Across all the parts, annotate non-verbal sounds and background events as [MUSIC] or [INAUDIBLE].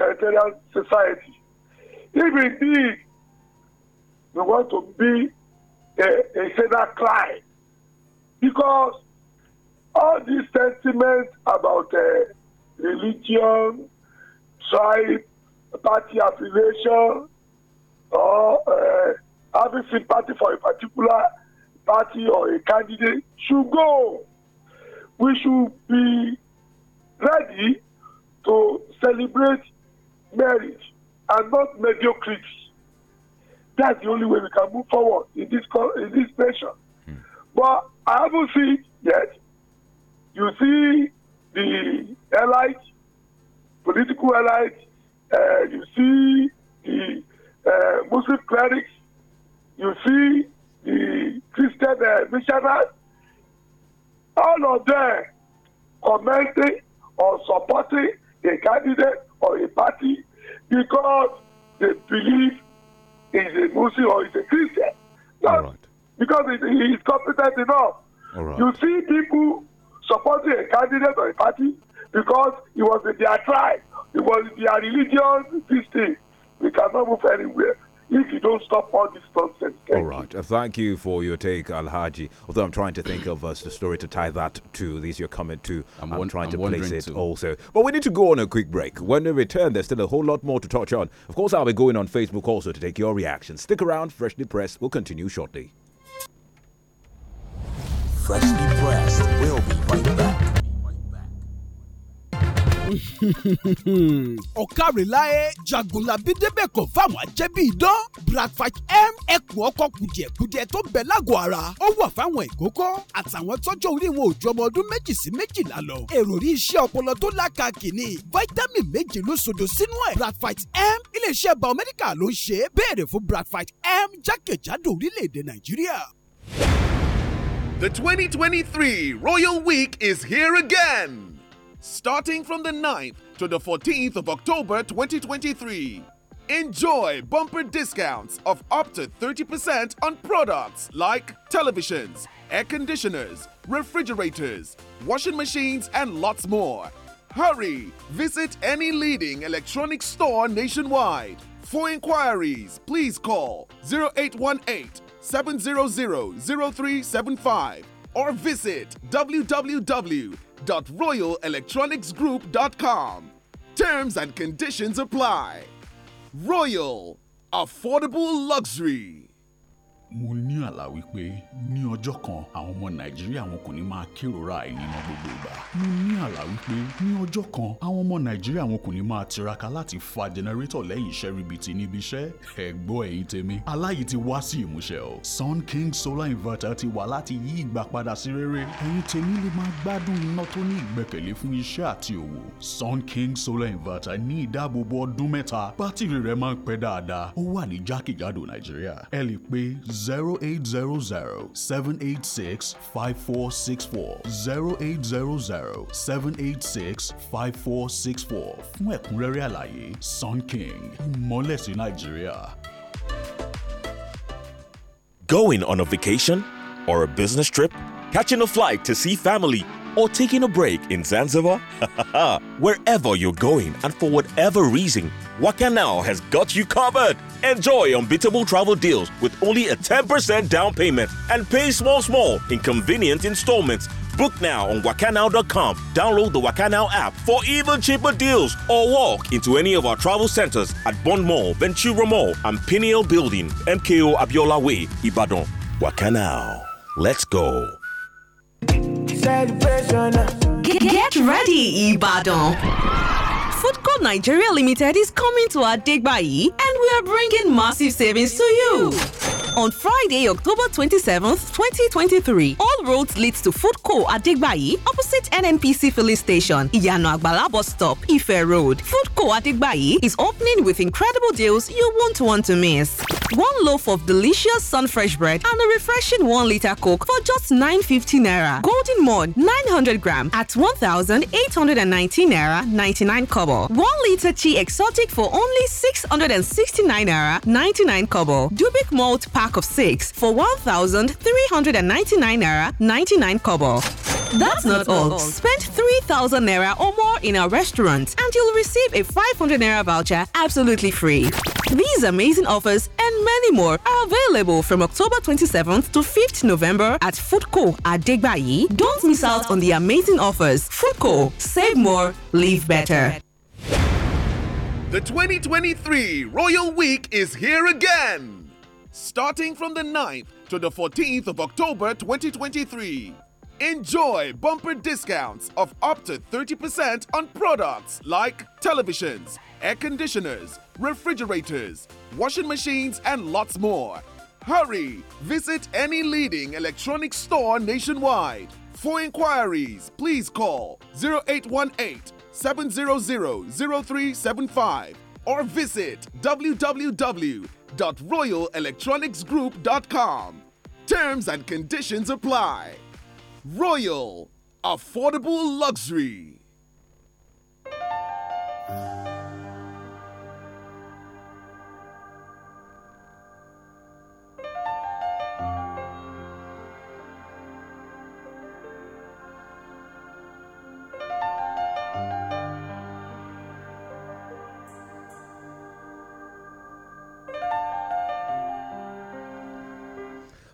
egalitarian society. If indeed we want to be a, a federal cry, because all these sentiments about uh, religion, tribe, party affiliation, or uh, having sympathy for a particular party or a candidate should go. We should be ready to celebrate marriage and not mediocrity. That's the only way we can move forward in this in this nation. Mm. But I haven't seen it yet. You see the allies, political allies. Uh, you see the uh, Muslim clerics. You see the Christian uh, missionaries. All of them commenting or supporting a candidate or a party because they believe he's a Muslim or he's a Christian. All right. Because he is competent enough. All right. You see people supporting a candidate or a party because he was in their tribe, he was in their religion, this thing. We cannot move anywhere if you don't stop all this nonsense. All right. You. Uh, thank you for your take, Al Although I'm trying to think of a story to tie that to. These your comment to. I'm, I'm trying I'm to place it too. also. But we need to go on a quick break. When we return, there's still a whole lot more to touch on. Of course, I'll be going on Facebook also to take your reactions. Stick around. Freshly Pressed will continue shortly. Freshly Pressed. [LAUGHS] ọ̀kàrẹ̀ láyé jagunlabi débẹ̀ fáwọn ajẹ́bí idán bradfat m ẹkùn ọkọ̀ kùdìẹ̀kudiẹ tó bẹ̀ lágọ̀ ara ó wà fáwọn ìkókó àtàwọn tọ́jọ́ orí wọn ò ju ọmọ ọdún méjì sí méjìlá lọ èrò rí iṣẹ́ ọpọlọ tó lákàkì ni vitamin méje ló sodo sínú ẹ̀ bradfat m iléeṣẹ́ biomedical ló ń ṣe béèrè fún bradfat m jákèjádò orílẹ̀-èdè nàìjíríà. The 2023 Royal Week is here again. starting from the 9th to the 14th of October 2023. Enjoy bumper discounts of up to 30% on products like televisions, air conditioners, refrigerators, washing machines, and lots more. Hurry! Visit any leading electronics store nationwide. For inquiries, please call 0818 700 0375 or visit www.royalelectronicsgroup.com. Terms and conditions apply. Royal Affordable Luxury. mo ní àlá wípé ní ọjọ́ kan àwọn ọmọ nàìjíríà wọn kò ní máa kérora àìníná gbogbo ìgbà. mo ní àlá wípé ní ọjọ́ kan àwọn ọmọ nàìjíríà wọn kò ní máa tiraka láti fa jẹnẹrétọ̀ lẹ́yìn iṣẹ́ ribiti níbi iṣẹ́ ẹ̀gbọ́ ẹ̀yìn tèmi. aláyìí ti wá sí ìmúṣẹ o Sun King solar inverter ti wà láti yí ìgbà padà sí rere ẹ̀yin tèmi lè máa gbádùn iná tó ní ìgbẹ́kẹ̀lé fún iṣẹ́ àti òwò Sun King solar inverter ní ìdáàbòbò ọdún mẹ́ta bátìrì rẹ̀ máa ń pẹ́ dáadáa ó wà 0800 786 5464 fún ẹ̀kúnrẹ́rẹ́ àlàyé Sun King ìmọ̀lẹ́sìn Nàìjíríà. Going on a vacation or a business trip? Catching a flight to see family? or taking a break in Zanzibar? [LAUGHS] Wherever you're going and for whatever reason, Wakanao has got you covered. Enjoy unbeatable travel deals with only a 10% down payment and pay small, small in convenient installments. Book now on wakanao.com. Download the Wakanao app for even cheaper deals or walk into any of our travel centers at Bond Mall, Ventura Mall, and Pineal Building, MKO Abiola Way, Ibadan. Wakanao. Let's go celebration. Get ready, Ibadan. Foodco Nigeria Limited is coming to our Adegbayi and we are bringing massive savings to you on Friday, October 27th, 2023. All roads leads to Food Co. at Digbayi, opposite NNPC filling station, Iyano Agbala bus stop, Ife Road. Food Co. at Digbayi is opening with incredible deals you won't want to miss. One loaf of delicious Sunfresh bread and a refreshing 1 liter Coke for just 9.50 naira. Golden Mould 900 gram at 1,819 naira 99 kobo. 1 liter Chi Exotic for only 669 naira 99 kobo. Dubik Malt pack of six for 1,399 naira 99 kobo. That's, That's not, not all. all. Spend 3,000 naira or more in our restaurant and you'll receive a 500 naira voucher absolutely free. These amazing offers and many more are available from October 27th to 5th November at Foodco at Degbayi. Don't miss out on the amazing offers. Foodco, save more, live better. The 2023 Royal Week is here again starting from the 9th to the 14th of October 2023. Enjoy bumper discounts of up to 30% on products like televisions, air conditioners, refrigerators, washing machines, and lots more. Hurry! Visit any leading electronics store nationwide. For inquiries, please call 0818 700 0375 or visit www www.royalelectronicsgroup.com. Terms and conditions apply. Royal Affordable Luxury.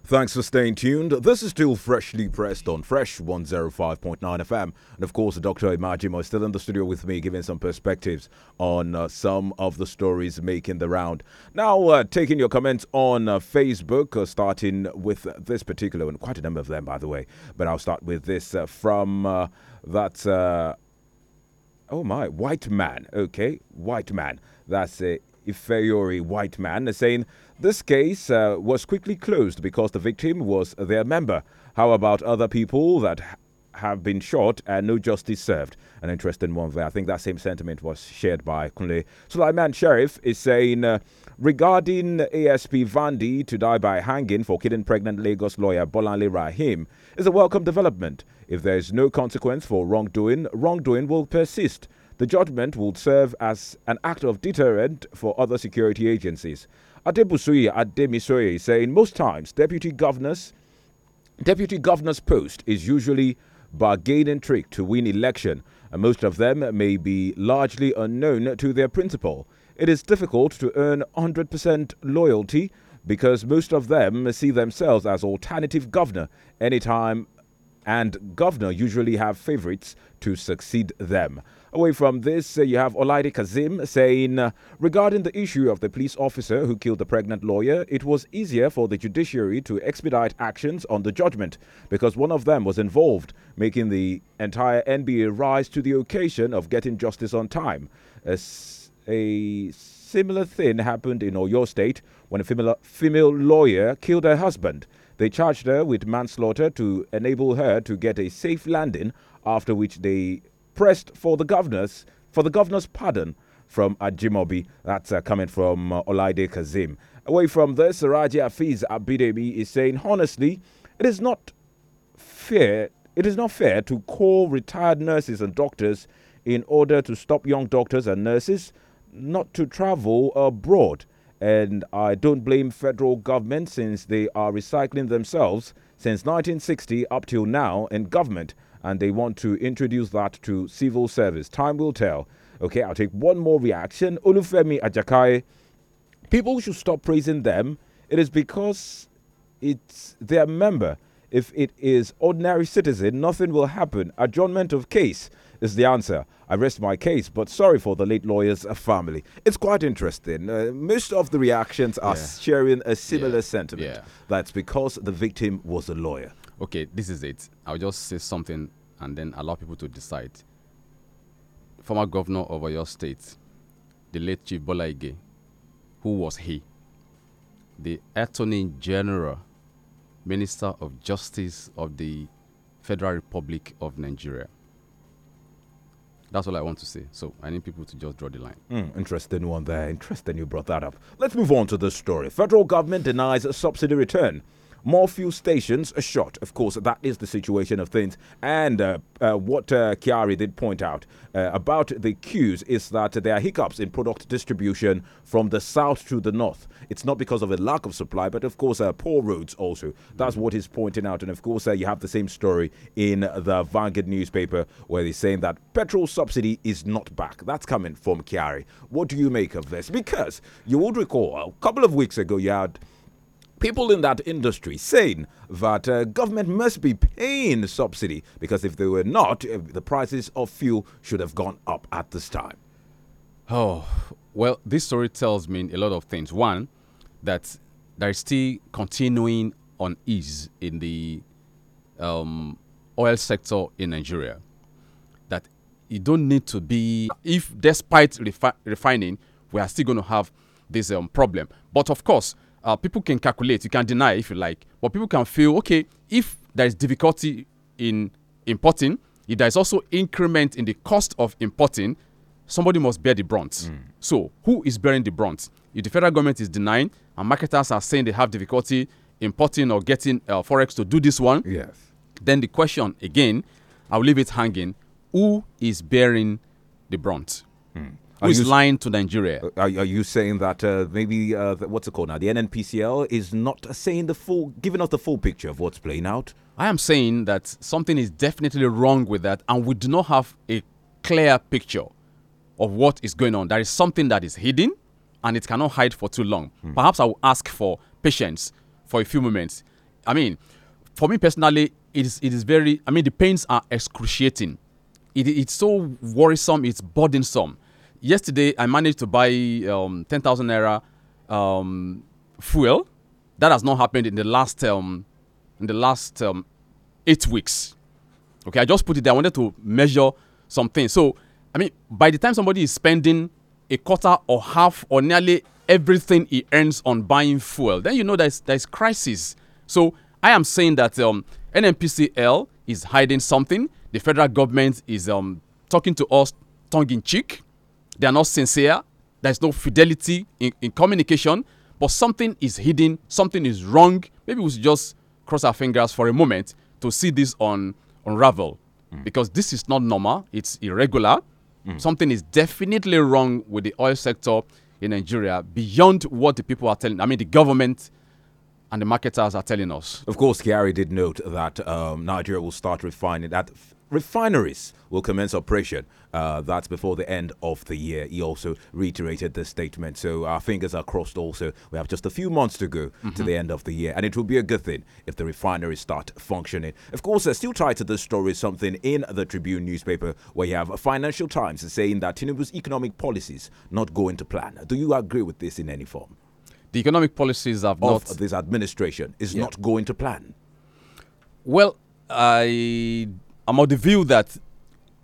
Thanks for staying tuned. This is still freshly pressed on Fresh 105.9 FM. And of course, Dr. Imajimo is still in the studio with me, giving some perspectives on uh, some of the stories making the round. Now, uh, taking your comments on uh, Facebook, uh, starting with this particular one, quite a number of them, by the way. But I'll start with this uh, from uh, that. oh my, white man. Okay, white man. That's a Ifeori white man saying, this case uh, was quickly closed because the victim was their member. How about other people that have been shot and no justice served? An interesting one there. I think that same sentiment was shared by Kunle. Sulaiman Sheriff is saying uh, regarding ASP Vandi to die by hanging for killing pregnant Lagos lawyer Bolanle Rahim is a welcome development. If there is no consequence for wrongdoing, wrongdoing will persist. The judgment would serve as an act of deterrent for other security agencies. Adebusuyi Ademisoye is saying most times deputy governors deputy governor's post is usually bargaining trick to win election and most of them may be largely unknown to their principal. It is difficult to earn 100% loyalty because most of them see themselves as alternative governor anytime and governor usually have favorites to succeed them. Away from this, uh, you have Olaide Kazim saying, uh, regarding the issue of the police officer who killed the pregnant lawyer, it was easier for the judiciary to expedite actions on the judgment because one of them was involved, making the entire NBA rise to the occasion of getting justice on time. A, similar thing happened in Oyo State when a female, female lawyer killed her husband. They charged her with manslaughter to enable her to get a safe landing, after which they pressed for the governor's for the governor's pardon from Ajimobi. That's uh, coming from uh, Olaide Kazim. Away from this, Siraji Afiz Abidemi is saying, honestly, it is not fair. It is not fair to call retired nurses and doctors in order to stop young doctors and nurses not to travel abroad. And I don't blame federal government since they are recycling themselves since 1960 up till now, in government and they want to introduce that to civil service. Time will tell. Okay, I'll take one more reaction. Olufemi Ajakai. People should stop praising them. It is because it's their member. If it is ordinary citizen, nothing will happen. Adjournment of case is the answer. I rest my case, but sorry for the late lawyer's family. It's quite interesting. Uh, most of the reactions are yeah. sharing a similar yeah. sentiment. Yeah. That's because the victim was a lawyer okay, this is it. I'll just say something and then allow people to decide. Former governor of your state, the late Chief Bola Ige, who was he? The Attorney General, Minister of Justice of the Federal Republic of Nigeria. That's all I want to say. So I need people to just draw the line. Mm, interesting one there. Interesting you brought that up. Let's move on to this story. Federal government denies a subsidy return more fuel stations are shot. Of course, that is the situation of things. And uh, uh, what uh, Chiari did point out uh, about the queues is that there are hiccups in product distribution from the south to the north. It's not because of a lack of supply, but of course, uh, poor roads also. That's what he's pointing out. And of course, uh, you have the same story in the Vanguard newspaper where they're saying that petrol subsidy is not back. That's coming from Chiari. What do you make of this? Because you would recall a couple of weeks ago, you had people in that industry saying that uh, government must be paying subsidy because if they were not, uh, the prices of fuel should have gone up at this time. Oh, well, this story tells me a lot of things. One, that there is still continuing unease in the um, oil sector in Nigeria. That you don't need to be, if despite refi refining, we are still going to have this um, problem. But of course, uh, people can calculate. You can deny if you like, but people can feel okay if there is difficulty in importing. If there is also increment in the cost of importing, somebody must bear the brunt. Mm. So who is bearing the brunt? If the federal government is denying and marketers are saying they have difficulty importing or getting uh, forex to do this one, yes. Then the question again, I'll leave it hanging: Who is bearing the brunt? Mm. Who's lying to Nigeria? Uh, are, are you saying that uh, maybe uh, what's it called now? The NNPCL is not saying the full, giving us the full picture of what's playing out. I am saying that something is definitely wrong with that, and we do not have a clear picture of what is going on. There is something that is hidden, and it cannot hide for too long. Hmm. Perhaps I will ask for patience for a few moments. I mean, for me personally, it is it is very. I mean, the pains are excruciating. It, it's so worrisome. It's burdensome yesterday I managed to buy um, 10,000 naira um, fuel. That has not happened in the last um, in the last um, eight weeks. Okay, I just put it there. I wanted to measure something. So, I mean, by the time somebody is spending a quarter or half or nearly everything he earns on buying fuel, then you know there's there's crisis. So I am saying that um, is hiding something. The federal government is um, talking to us tongue in cheek. They are not sincere. There is no fidelity in, in communication, but something is hidden, something is wrong. Maybe we should just cross our fingers for a moment to see this unravel mm. because this is not normal, it's irregular. Mm. Something is definitely wrong with the oil sector in Nigeria beyond what the people are telling. I mean, the government and the marketers are telling us. Of course, Gary did note that um, Nigeria will start refining that refineries will commence operation. Uh, that's before the end of the year. He also reiterated this statement. So our fingers are crossed also. We have just a few months to go mm-hmm. to the mm-hmm. end of the year. And it will be a good thing if the refineries start functioning. Of course, uh, still tied to this story is something in the Tribune newspaper where you have Financial Times saying that Tinubu's economic policies not going to plan. Do you agree with this in any form? The economic policies of not... this administration is yeah. not going to plan. Well, I I'm of the view that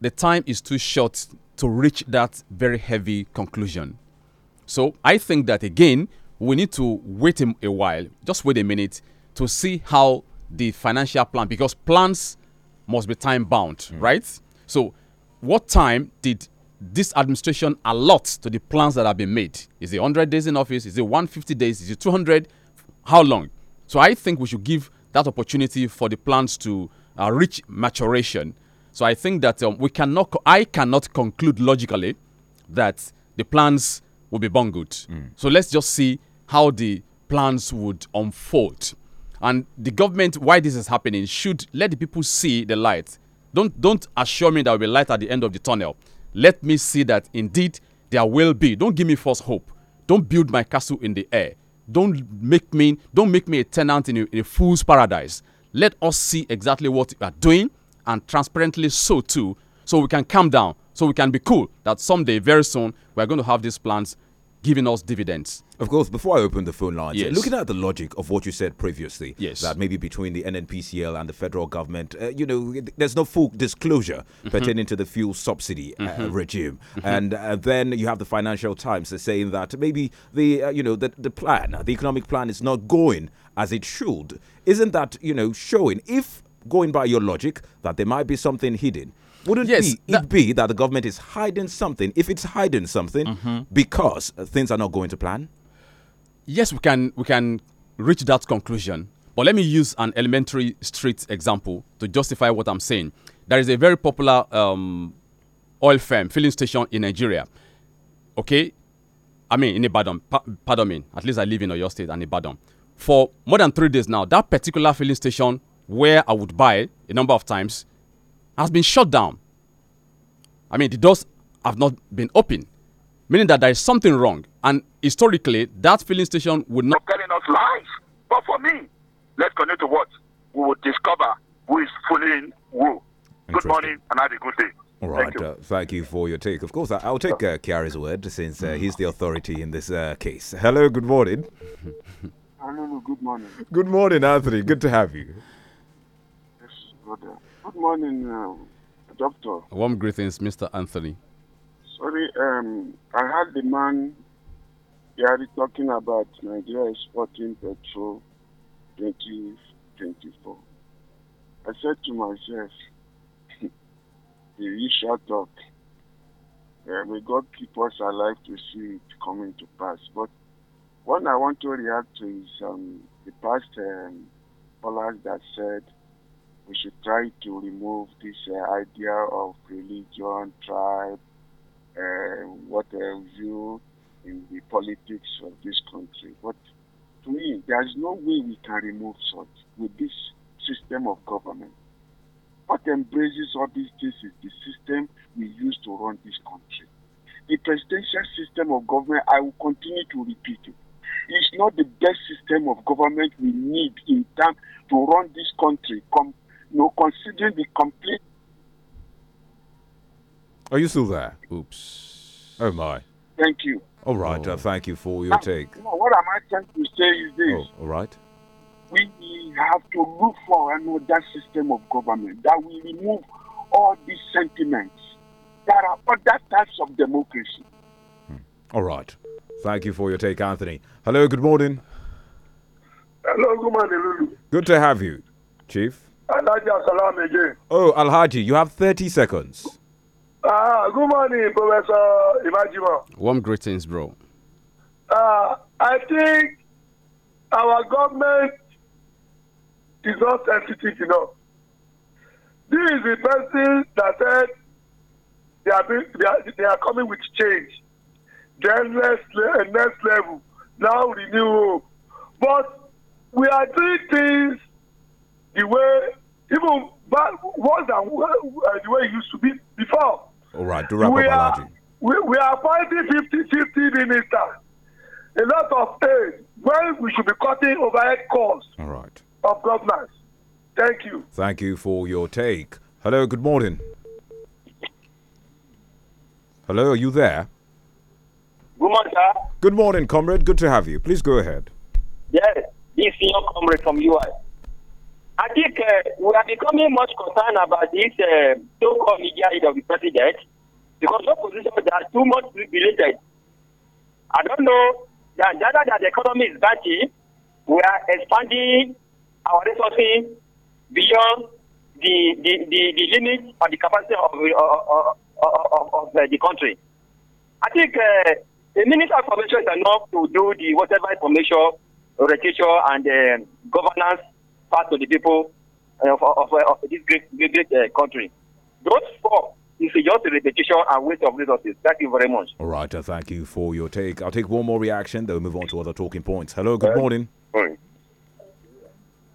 the time is too short to reach that very heavy conclusion. So I think that again, we need to wait a, a while, just wait a minute to see how the financial plan, because plans must be time bound, mm. right? So, what time did this administration allot to the plans that have been made? Is it 100 days in office? Is it 150 days? Is it 200? How long? So, I think we should give that opportunity for the plans to uh, reach maturation. So I think that um, we cannot, I cannot conclude logically that the plans will be bungled. Mm. So let's just see how the plans would unfold. And the government, why this is happening, should let the people see the light. Don't don't assure me there will be light at the end of the tunnel. Let me see that indeed there will be. Don't give me false hope. Don't build my castle in the air. Don't make me don't make me a tenant in a, in a fool's paradise. Let us see exactly what you are doing and transparently so too, so we can calm down, so we can be cool that someday, very soon, we're going to have these plans giving us dividends. Of course, before I open the phone lines, yes. looking at the logic of what you said previously, yes. that maybe between the NNPCL and the federal government, uh, you know, there's no full disclosure mm-hmm. pertaining to the fuel subsidy uh, mm-hmm. regime. Mm-hmm. And uh, then you have the Financial Times saying that maybe the, uh, you know, the, the plan, the economic plan is not going as it should. Isn't that, you know, showing if going by your logic that there might be something hidden wouldn't yes, be, it be that the government is hiding something? If it's hiding something, mm -hmm. because uh, things are not going to plan. Yes, we can we can reach that conclusion. But let me use an elementary street example to justify what I'm saying. There is a very popular um, oil firm filling station in Nigeria. Okay, I mean in Ibadan. Pa- pardon me. At least I live in Oyo State and Ibadan. For more than three days now, that particular filling station where I would buy a number of times has been shut down. I mean, the doors have not been open, meaning that there is something wrong. And historically, that filling station would not. You're telling us lies. But for me, let's continue to watch. We will discover who is fooling who. Good morning and have a good day. All right. Thank you. Uh, thank you, for your take. Of course, I, will take uh, Kiari's word since uh, he's the authority in this uh, case. Hello, good morning. Hello, good morning. Good morning, Anthony. Good to have you. Yes, good. Good morning, um, Doctor. Warm greetings, Mr. Anthony. Sorry, um, I had the man here talking about Nigeria exporting petrol 2024. I said to myself, you shut up. Uh, may God keep us alive to see it coming to pass. But what I want to react to is um, the past um, that said we should try to remove this uh, idea of religion, tribe, uh, what have you in the politics of this country. But to me, there is no way we can remove such with this system of government. What embraces all these things is the system we use to run this country. The presidential system of government, I will continue to repeat it. It's not the best system of government we need in time to run this country. Com- no considering the complete. Are you still there? Oops. Oh my. Thank you. All right. Uh, oh. Uh, thank you for your now, take. You know, what am I trying to say is this? Oh, all right. We have to look for another system of government that will remove all these sentiments. There are other types of democracy. Hmm. All right. Thank you for your take, Anthony. Hello. Good morning. Hello. Good morning, Lulu. Good to have you, Chief. Alhaji Assalam again. Oh, Alhaji, you have 30 seconds. Ah, uh, good morning, Professor Imajima. Warm greetings, bro. Uh, I think our government is not sensitive enough. This is the person that said they are, being, they are, they are coming with change. Then next, eh, next level, now renew hope. But we are doing things the way even but worse than uh, the way it used to be before. All right, do wrap we up, are, we, we are fighting 50 50 ministers, a lot of aid, Well, we should be cutting overhead costs All right. of governance. Thank you. Thank you for your take. Hello, good morning. Hello, are you there? Good morning, sir. Good morning, comrade. Good to have you. Please go ahead. Yes, this is your comrade from UI. I think uh, we are becoming much concerned about this uh, so-called media aid of the president because opposition are too much related. I don't know that now that the economy is batty, we are expanding our resources beyond the the, the, the limit or the capacity of, uh, uh, uh, of, of, the country. I think uh, the Minister of Information is enough to do the whatever information, retention, and uh, governance part to the people uh, of, of, of this great, great, great uh, country. Those four is just a repetition and waste of resources. Thank you very much. All right, uh, thank you for your take. I'll take one more reaction, then we'll move on to other talking points. Hello, good uh, morning. Morning.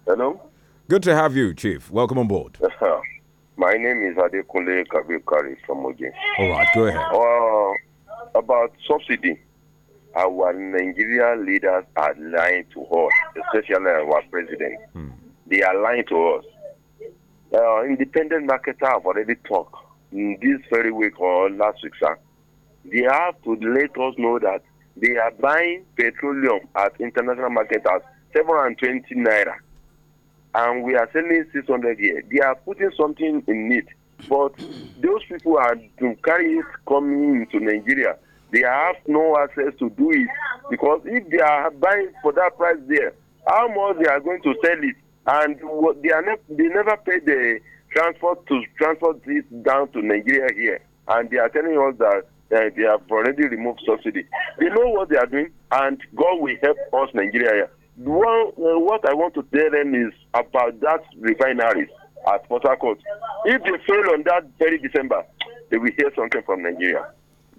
Hello. Good to have you, Chief. Welcome on board. [LAUGHS] My name is Adekunle Kabikari from Oje. All right, go ahead. Uh, about subsidy, our Nigerian leaders are lying to us, especially our president. Hmm. They are lying to us. Uh, independent marketers have already talked in this very week or last week, sir. They have to let us know that they are buying petroleum at international market at 720 naira. And we are selling 600 here. They are putting something in it. But those people are to carry it coming into Nigeria. They have no access to do it because if they are buying for that price there, how much they are going to sell it and they are ne- they never pay the transport to transport this down to Nigeria here, and they are telling us that uh, they have already removed subsidy. They know what they are doing, and God will help us, Nigeria. Well, uh, eh, what I want to tell them is about that refineries at Port Harcourt. If they fail on that very December, they will hear something from Nigeria.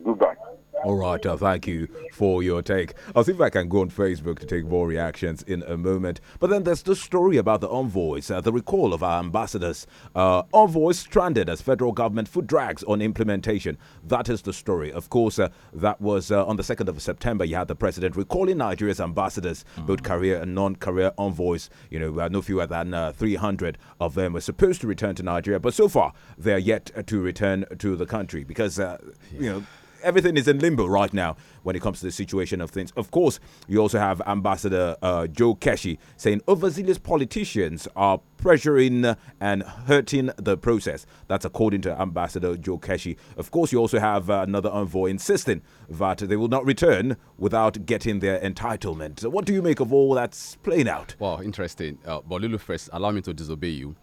Goodbye. All right, uh, thank you for your take. I'll see if I can go on Facebook to take more reactions in a moment. But then there's the story about the envoys, uh, the recall of our ambassadors. Uh, envoys stranded as federal government foot drags on implementation. That is the story. Of course, uh, that was uh, on the 2nd of September. You had the president recalling Nigeria's ambassadors, mm. both career and non career envoys. You know, uh, no fewer than 300 of them were supposed to return to Nigeria, but so far they're yet to return to the country because, yeah. you know, everything is in limbo right now when it comes to the situation of things. Of course, you also have Ambassador uh, Joe Keshi saying overzealous politicians are pressuring and hurting the process. That's according to Ambassador Joe Keshi. Of course, you also have uh, another envoy insisting that they will not return without getting their entitlement. So what do you make of all that's playing out? Well, interesting. Uh, but Lulu, first, allow me to disobey you.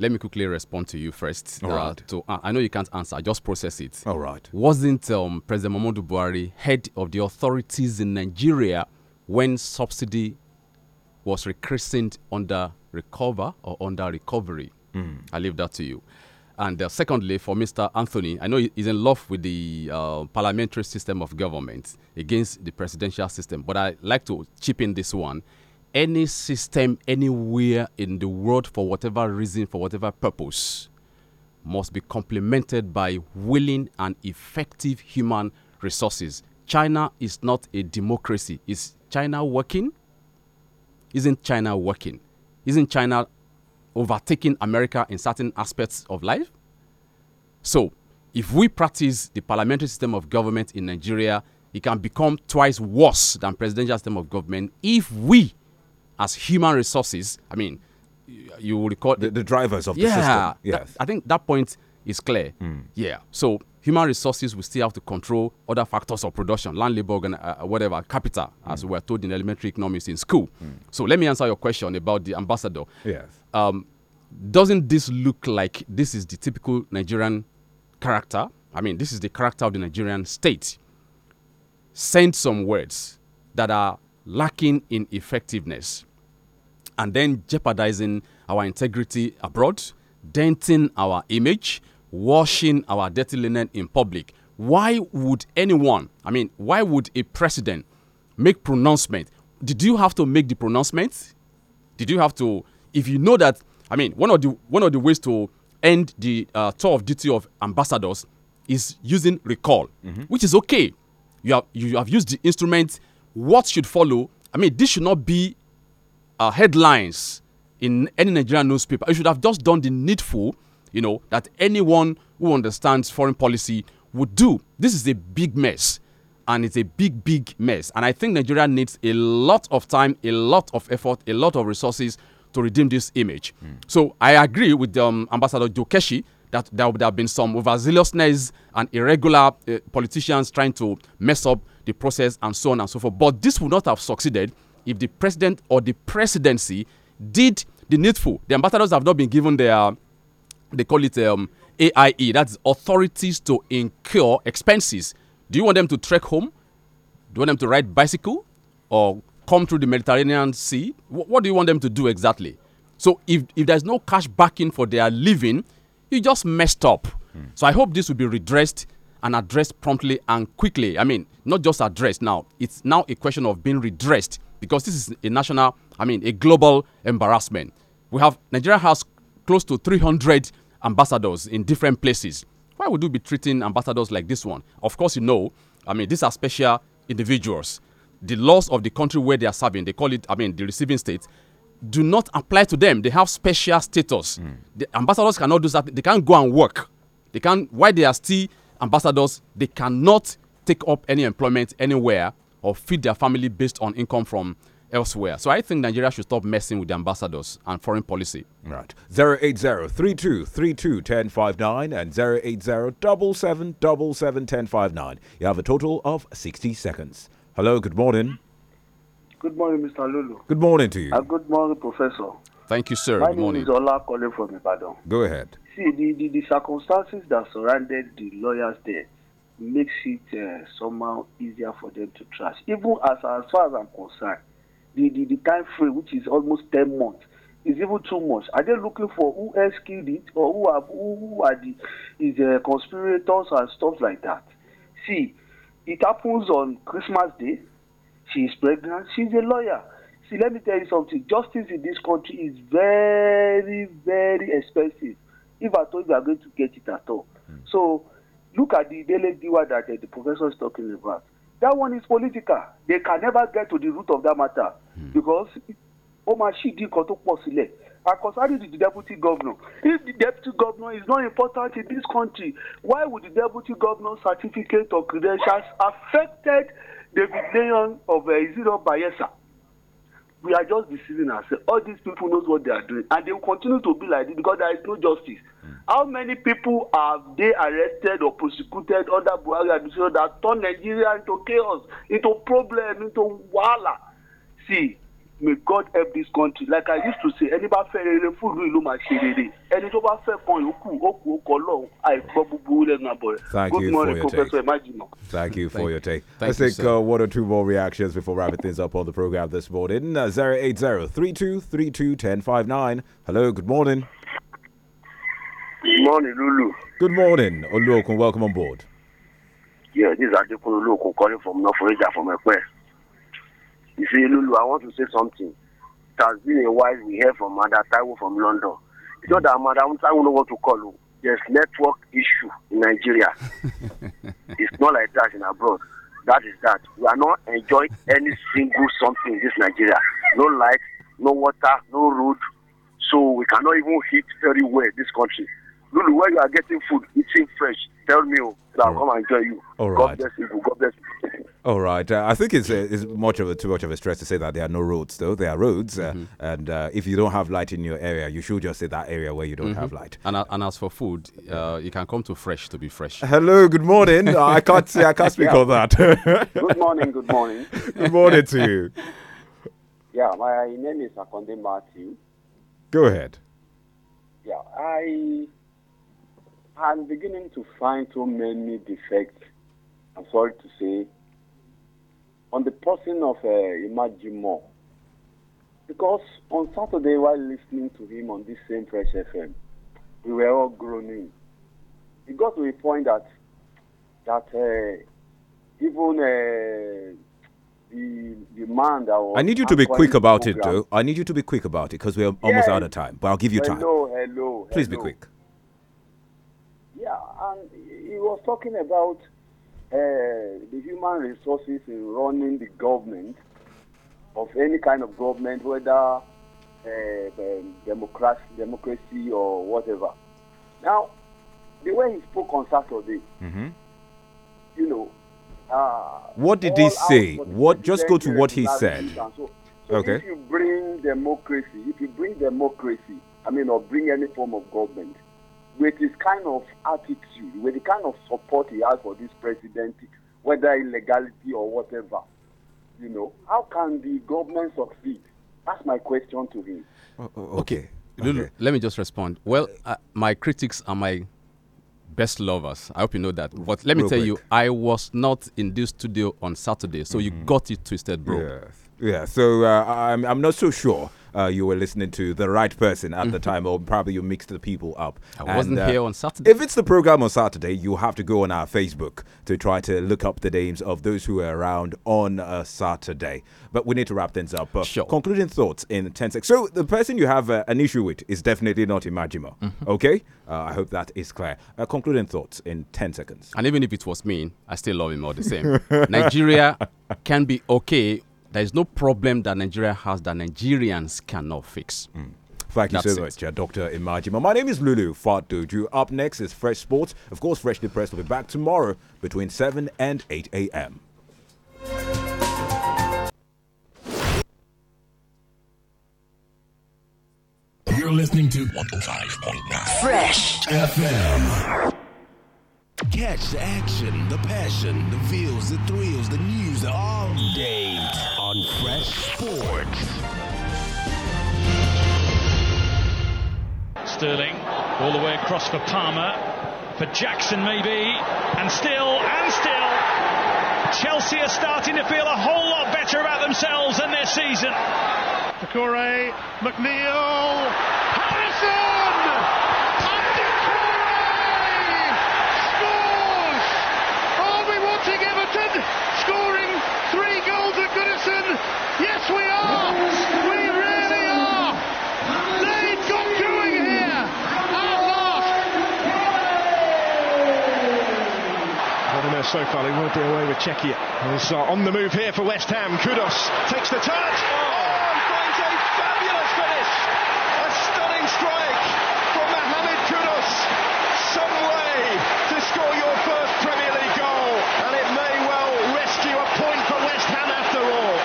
Let me quickly respond to you first. All uh, right. uh, To, uh, I know you can't answer, just process it. All right. Wasn't um, President Mahmoud Buhari head of the authorities in Nigeria when subsidy was rechristened under recover or under recovery? Mm. I leave that to you. And uh, secondly, for Mr. Anthony, I know he's in love with the uh, parliamentary system of government against the presidential system, but I like to chip in this one any system anywhere in the world for whatever reason, for whatever purpose, must be complemented by willing and effective human resources. China is not a democracy. Is China working? Isn't China working? Isn't China overtaking America in certain aspects of life? So, if we practice the parliamentary system of government in Nigeria, it can become twice worse than presidential system of government if we as human resources. I mean, you will recall the, the, drivers of the yeah, system. Yes. I think that point is clear. Mm. Yeah. So human resources will still have to control other factors of production, land, labor, and uh, uh, whatever, capital, mm. as we were told in elementary economics in school. Mm. So let me answer your question about the ambassador. Yes. Um, doesn't this look like this is the typical Nigerian character? I mean, this is the character of the Nigerian state. Send some words that are lacking in effectiveness and then jeopardizing our integrity abroad, denting our image, washing our dirty linen in public. Why would anyone, I mean, why would a president make pronouncement? Did you have to make the pronouncement? Did you have to, if you know that, I mean, one of the, one of the ways to end the uh, tour of duty of ambassadors is using recall, mm -hmm. which is okay. You have, you have used the instrument. What should follow? I mean, this should not be uh, headlines in any Nigerian newspaper. You should have just done the needful, you know, that anyone who understands foreign policy would do. This is a big mess. And it's a big, big mess. And I think Nigeria needs a lot of time, a lot of effort, a lot of resources to redeem this image. Mm. So I agree with um, Ambassador Jokeshi that there would have been some overzealousness and irregular uh, politicians trying to mess up the process and so on and so forth. But this would not have succeeded if the president or the presidency did the needful. The ambassadors have not been given their, they call it um, AIE, that's authorities to incur expenses. Do you want them to trek home? Do you want them to ride bicycle or come through the Mediterranean Sea? W what do you want them to do exactly? So if, if there's no cash backing for their living, you just messed up. Mm. So I hope this will be redressed and addressed promptly and quickly. I mean, not just addressed now. It's now a question of being redressed because this is a national, I mean, a global embarrassment. We have Nigeria has close to 300 ambassadors in different places. Why would you be treating ambassadors like this one? Of course, you know, I mean, these are special individuals. The laws of the country where they are serving, they call it, I mean, the receiving state, do not apply to them. They have special status. Mm. The ambassadors cannot do that. They can't go and work. They can't, while they are still ambassadors, they cannot take up any employment anywhere or feed their family based on income from elsewhere. So I think Nigeria should stop messing with the ambassadors and foreign policy. Right. 080-3232-1059 and 080-777-1059. You have a total of 60 seconds. Hello, good morning. Good morning, Mr. Lulu. Good morning to you. good morning, Professor. Thank you, sir. My good name morning. is Ola calling from Ibadan. Go ahead. See, the, the, the circumstances that surrounded the lawyers death. makes it uh, somehow easier for them to trash. Even as as far as I'm concerned, the, the, the time frame, which is almost 10 months, is even too much. Are they looking for who else killed it or who are, who are the is, uh, conspirators and stuff like that? See, it happens on Christmas Day. She is pregnant. She's a lawyer. See, let me tell you something. Justice in this country is very, very expensive. If I told you, you are going to get it at all. Mm. So Look at the Dele Diwa that uh, the professor is talking about. That one is political. They can never get to the root of that matter mm. because ó máa ṣì And concerning the deputy governor, if the deputy governor is not important in this country, why would the deputy governor's certificate or credentials affected David Leon of uh, Zero Bayelsa? we are just deceiving ourselves. All these people knows what they are doing, and they will continue to be like this because there is no justice. Mm. How many people have they arrested or prosecuted under Buhari administration that turned Nigeria into chaos, into problem, into wahala? See, may god help this country like i used to say ẹni bá fẹ́ rere fúlùú ìlú máa ṣe rere ẹni tó bá fẹ́ kan yòókù òkú òkú ọlọ́run àìgbọ́ gbogbo lẹ́nu àbọ̀ rẹ̀ good morning professor emajimo. thank you for your take let's you, take uh, one or two more reactions before wrapping things up on the program this morning uh, zero eight zero three two three two ten five nine hello good morning. good morning lulu. good morning oluokun welcome on board. yeah this is adekunle oluokun calling from north florida from ekpe. Lulu, I want to say something. It has been a while we hear from Mother Taiwo from London. It's not that Mother Taiwo know what to call you. There's network issue in Nigeria. [LAUGHS] it's not like that in abroad. That is that. We are not enjoying any single something in this Nigeria. No light, no water, no road. So we cannot even hit very well this country. Lulu, where you are getting food, eating fresh, tell me, oh, I'll oh. come and join you. All right. God bless you. God bless you. All right. Uh, I think it's, uh, it's much of a, too much of a stress to say that there are no roads, though. There are roads. Uh, mm -hmm. And uh, if you don't have light in your area, you should just say that area where you don't mm -hmm. have light. And, uh, and as for food, uh, you can come to Fresh to be fresh. Hello. Good morning. [LAUGHS] I can't I can't speak yeah. that. good morning. Good morning. [LAUGHS] Good morning to you. Yeah, my name is Akonde Matthew. Go ahead. Yeah, I I'm beginning to find so many defects, I'm sorry to say, on the person of uh, Imagine Moore. Because on Saturday, while listening to him on this same Fresh FM, we were all groaning. It got to a point that that uh, even uh, the, the man that was. I need you to be quick about program, it, though. I need you to be quick about it because we're almost yes. out of time, but I'll give you time. Hello, hello. Please hello. be quick and he was talking about uh, the human resources in running the government of any kind of government, whether uh, democracy, democracy or whatever. Now, the way he spoke on Saturday, mm-hmm. you know. Uh, what did he say? What? Just go to what he said. So, so okay. If you bring democracy, if you bring democracy, I mean, or bring any form of government, with his kind of attitude, with the kind of support he has for this president, whether illegality or whatever, you know, how can the government succeed? That's my question to him. Oh, oh, oh, okay. Lulu, okay. let me just respond. Well, uh, my critics are my best lovers. I hope you know that. But let me Real tell quick. you, I was not in this studio on Saturday, so mm -hmm. you mm-hmm. got it twisted, bro. Yeah, yeah so uh, I'm, I'm not so sure uh, you were listening to the right person at the mm-hmm. time, or probably you mixed the people up. I wasn't uh, here on Saturday. If it's the program on Saturday, you have to go on our Facebook to try to look up the names of those who were around on a uh, Saturday. But we need to wrap things up. Uh, sure. Concluding thoughts in 10 seconds. So, the person you have uh, an issue with is definitely not Imajima. Mm-hmm. Okay? Uh, I hope that is clear. concluding thoughts in 10 seconds. And even if it was me, I still love him all the same. Nigeria can be okay there is no problem that Nigeria has that Nigerians cannot fix. Mm. Thank you That's so much, uh, Dr. Imajima. My name is Lulu Fatuju. Up next is Fresh Sports. Of course, Freshly Press will be back tomorrow between 7 and 8 a.m. You're listening to 105.9 Fresh FM. Catch the action, the passion, the feels, the thrills, the news all day on Fresh Sports. Sterling, all the way across for Palmer, for Jackson maybe, and still, and still. Chelsea are starting to feel a whole lot better about themselves and their season. Akure, McNeil, Harrison! So far, who won't be away with Czechia. He's uh, on the move here for West Ham. Kudos takes the touch. Oh, and a fabulous finish. A stunning strike from Mohamed Kudos. Some way to score your first Premier League goal, and it may well rescue a point for West Ham after all.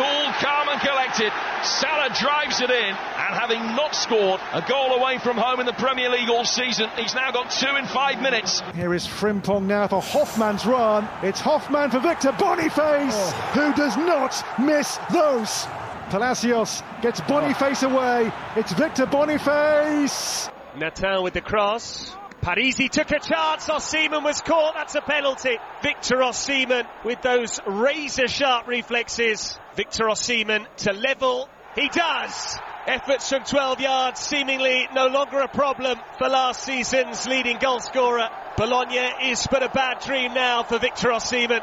Cool, calm, and collected. Salah drives it in having not scored a goal away from home in the Premier League all season. He's now got two in five minutes. Here is Frimpong now for Hoffman's run. It's Hoffman for Victor Boniface, oh. who does not miss those. Palacios gets oh. Boniface away. It's Victor Boniface. Natal with the cross. Parisi took a chance. Osseman was caught. That's a penalty. Victor Osseman with those razor sharp reflexes. Victor Osseman to level. He does. Efforts from 12 yards, seemingly no longer a problem for last season's leading goalscorer. Bologna is but a bad dream now for Victor Osimhen.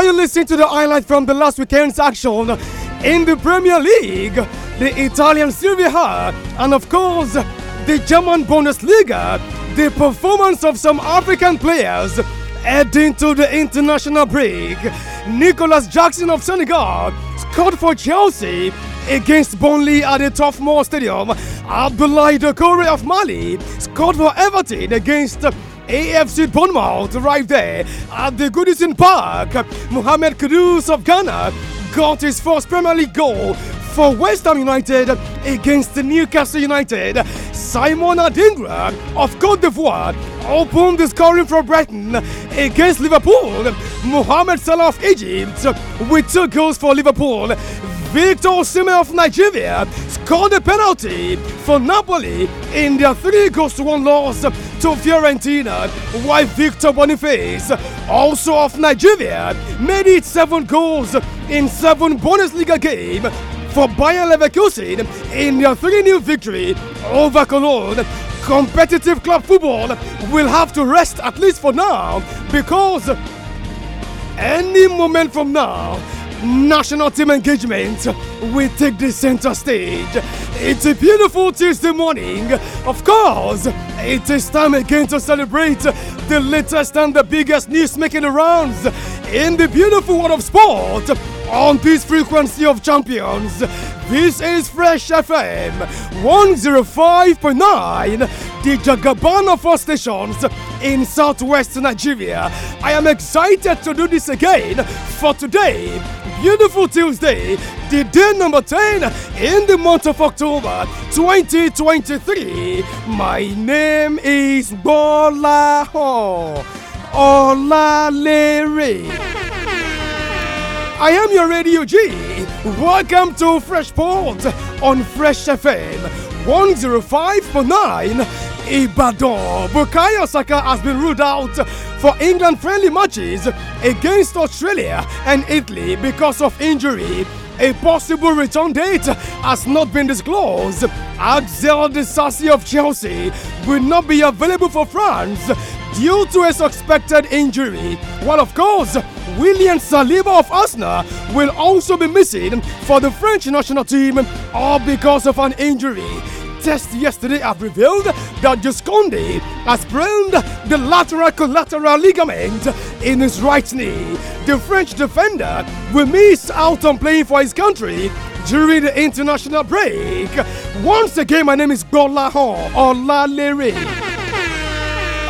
Now you listen to the highlight from the last weekend's action in the Premier League, the Italian Serie A, and of course, the German Bundesliga. The performance of some African players heading to the international break. Nicholas Jackson of Senegal scored for Chelsea against Burnley at the Toughmore Stadium. Abdoulaye Dokore of Mali scored for Everton against AFC Bournemouth arrived there at the Goodison Park. Mohamed Kudus of Ghana got his first Premier League goal for West Ham United against Newcastle United. Simon Adingra of Cote d'Ivoire opened the scoring for Brighton against Liverpool. Mohamed Salah of Egypt with two goals for Liverpool. Victor Osimhen of Nigeria scored a penalty for Napoli in their 3 goals to 1 loss to Fiorentina, while Victor Boniface, also of Nigeria, made it seven goals in seven Bundesliga games for Bayern Leverkusen in their 3 0 victory over Cologne. Competitive club football will have to rest at least for now because any moment from now, national team engagement, we take the center stage. It's a beautiful Tuesday morning. Of course, it is time again to celebrate the latest and the biggest news making the rounds in the beautiful world of sport on this frequency of champions. This is Fresh FM 105.9, the Jagabana Four Stations in southwest Nigeria. I am excited to do this again for today beautiful Tuesday, the day number 10 in the month of October 2023. My name is Bola Ho Olalere. I am your radio G. Welcome to Fresh Port on Fresh FM 105.9 Ibadan. Bukayo Saka has been ruled out for England friendly matches against Australia and Italy because of injury. A possible return date has not been disclosed. Axel de Sassi of Chelsea will not be available for France due to a suspected injury. While, of course, William Saliba of Arsenal will also be missing for the French national team all because of an injury test yesterday have revealed that Giscondi has sprained the lateral collateral ligament in his right knee. The French defender will miss out on playing for his country during the international break. Once again, my name is Gola Hon Olalere.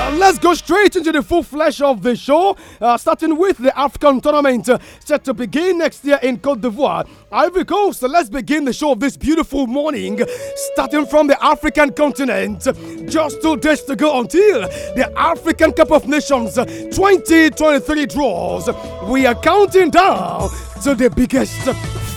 Uh, let's go straight into the full flesh of the show, uh, starting with the African tournament uh, set to begin next year in Cote d'Ivoire. Ivory Coast, so let's begin the show of this beautiful morning, starting from the African continent. Just two days to go until the African Cup of Nations uh, 2023 draws. We are counting down to the biggest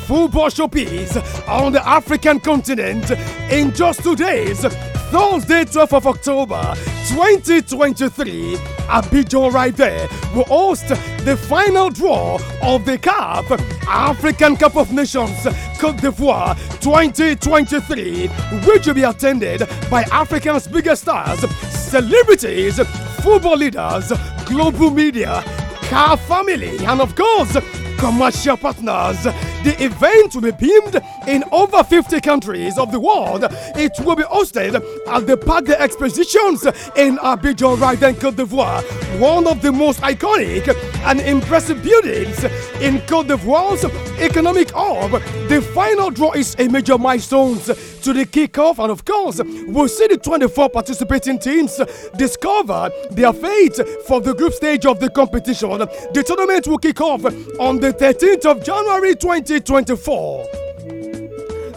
football showpiece on the African continent in just two days. Thursday, 12th of October 2023, Abidjan right there will host the final draw of the CAF African Cup of Nations Cote d'Ivoire 2023, which will be attended by Africa's biggest stars, celebrities, football leaders, global media, CAF family, and of course, commercial partners. The event will be beamed in over 50 countries of the world. It will be hosted at the Parc des Expositions in Abidjan, right in Cote d'Ivoire, one of the most iconic and impressive buildings in Cote d'Ivoire's economic hub. The final draw is a major milestone to the kickoff, and of course, we'll see the 24 participating teams discover their fate for the group stage of the competition. The tournament will kick off on the 13th of January 2024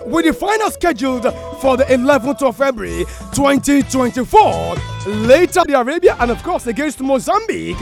with the final scheduled for the 11th of February 2024. Later, the Arabia and of course against Mozambique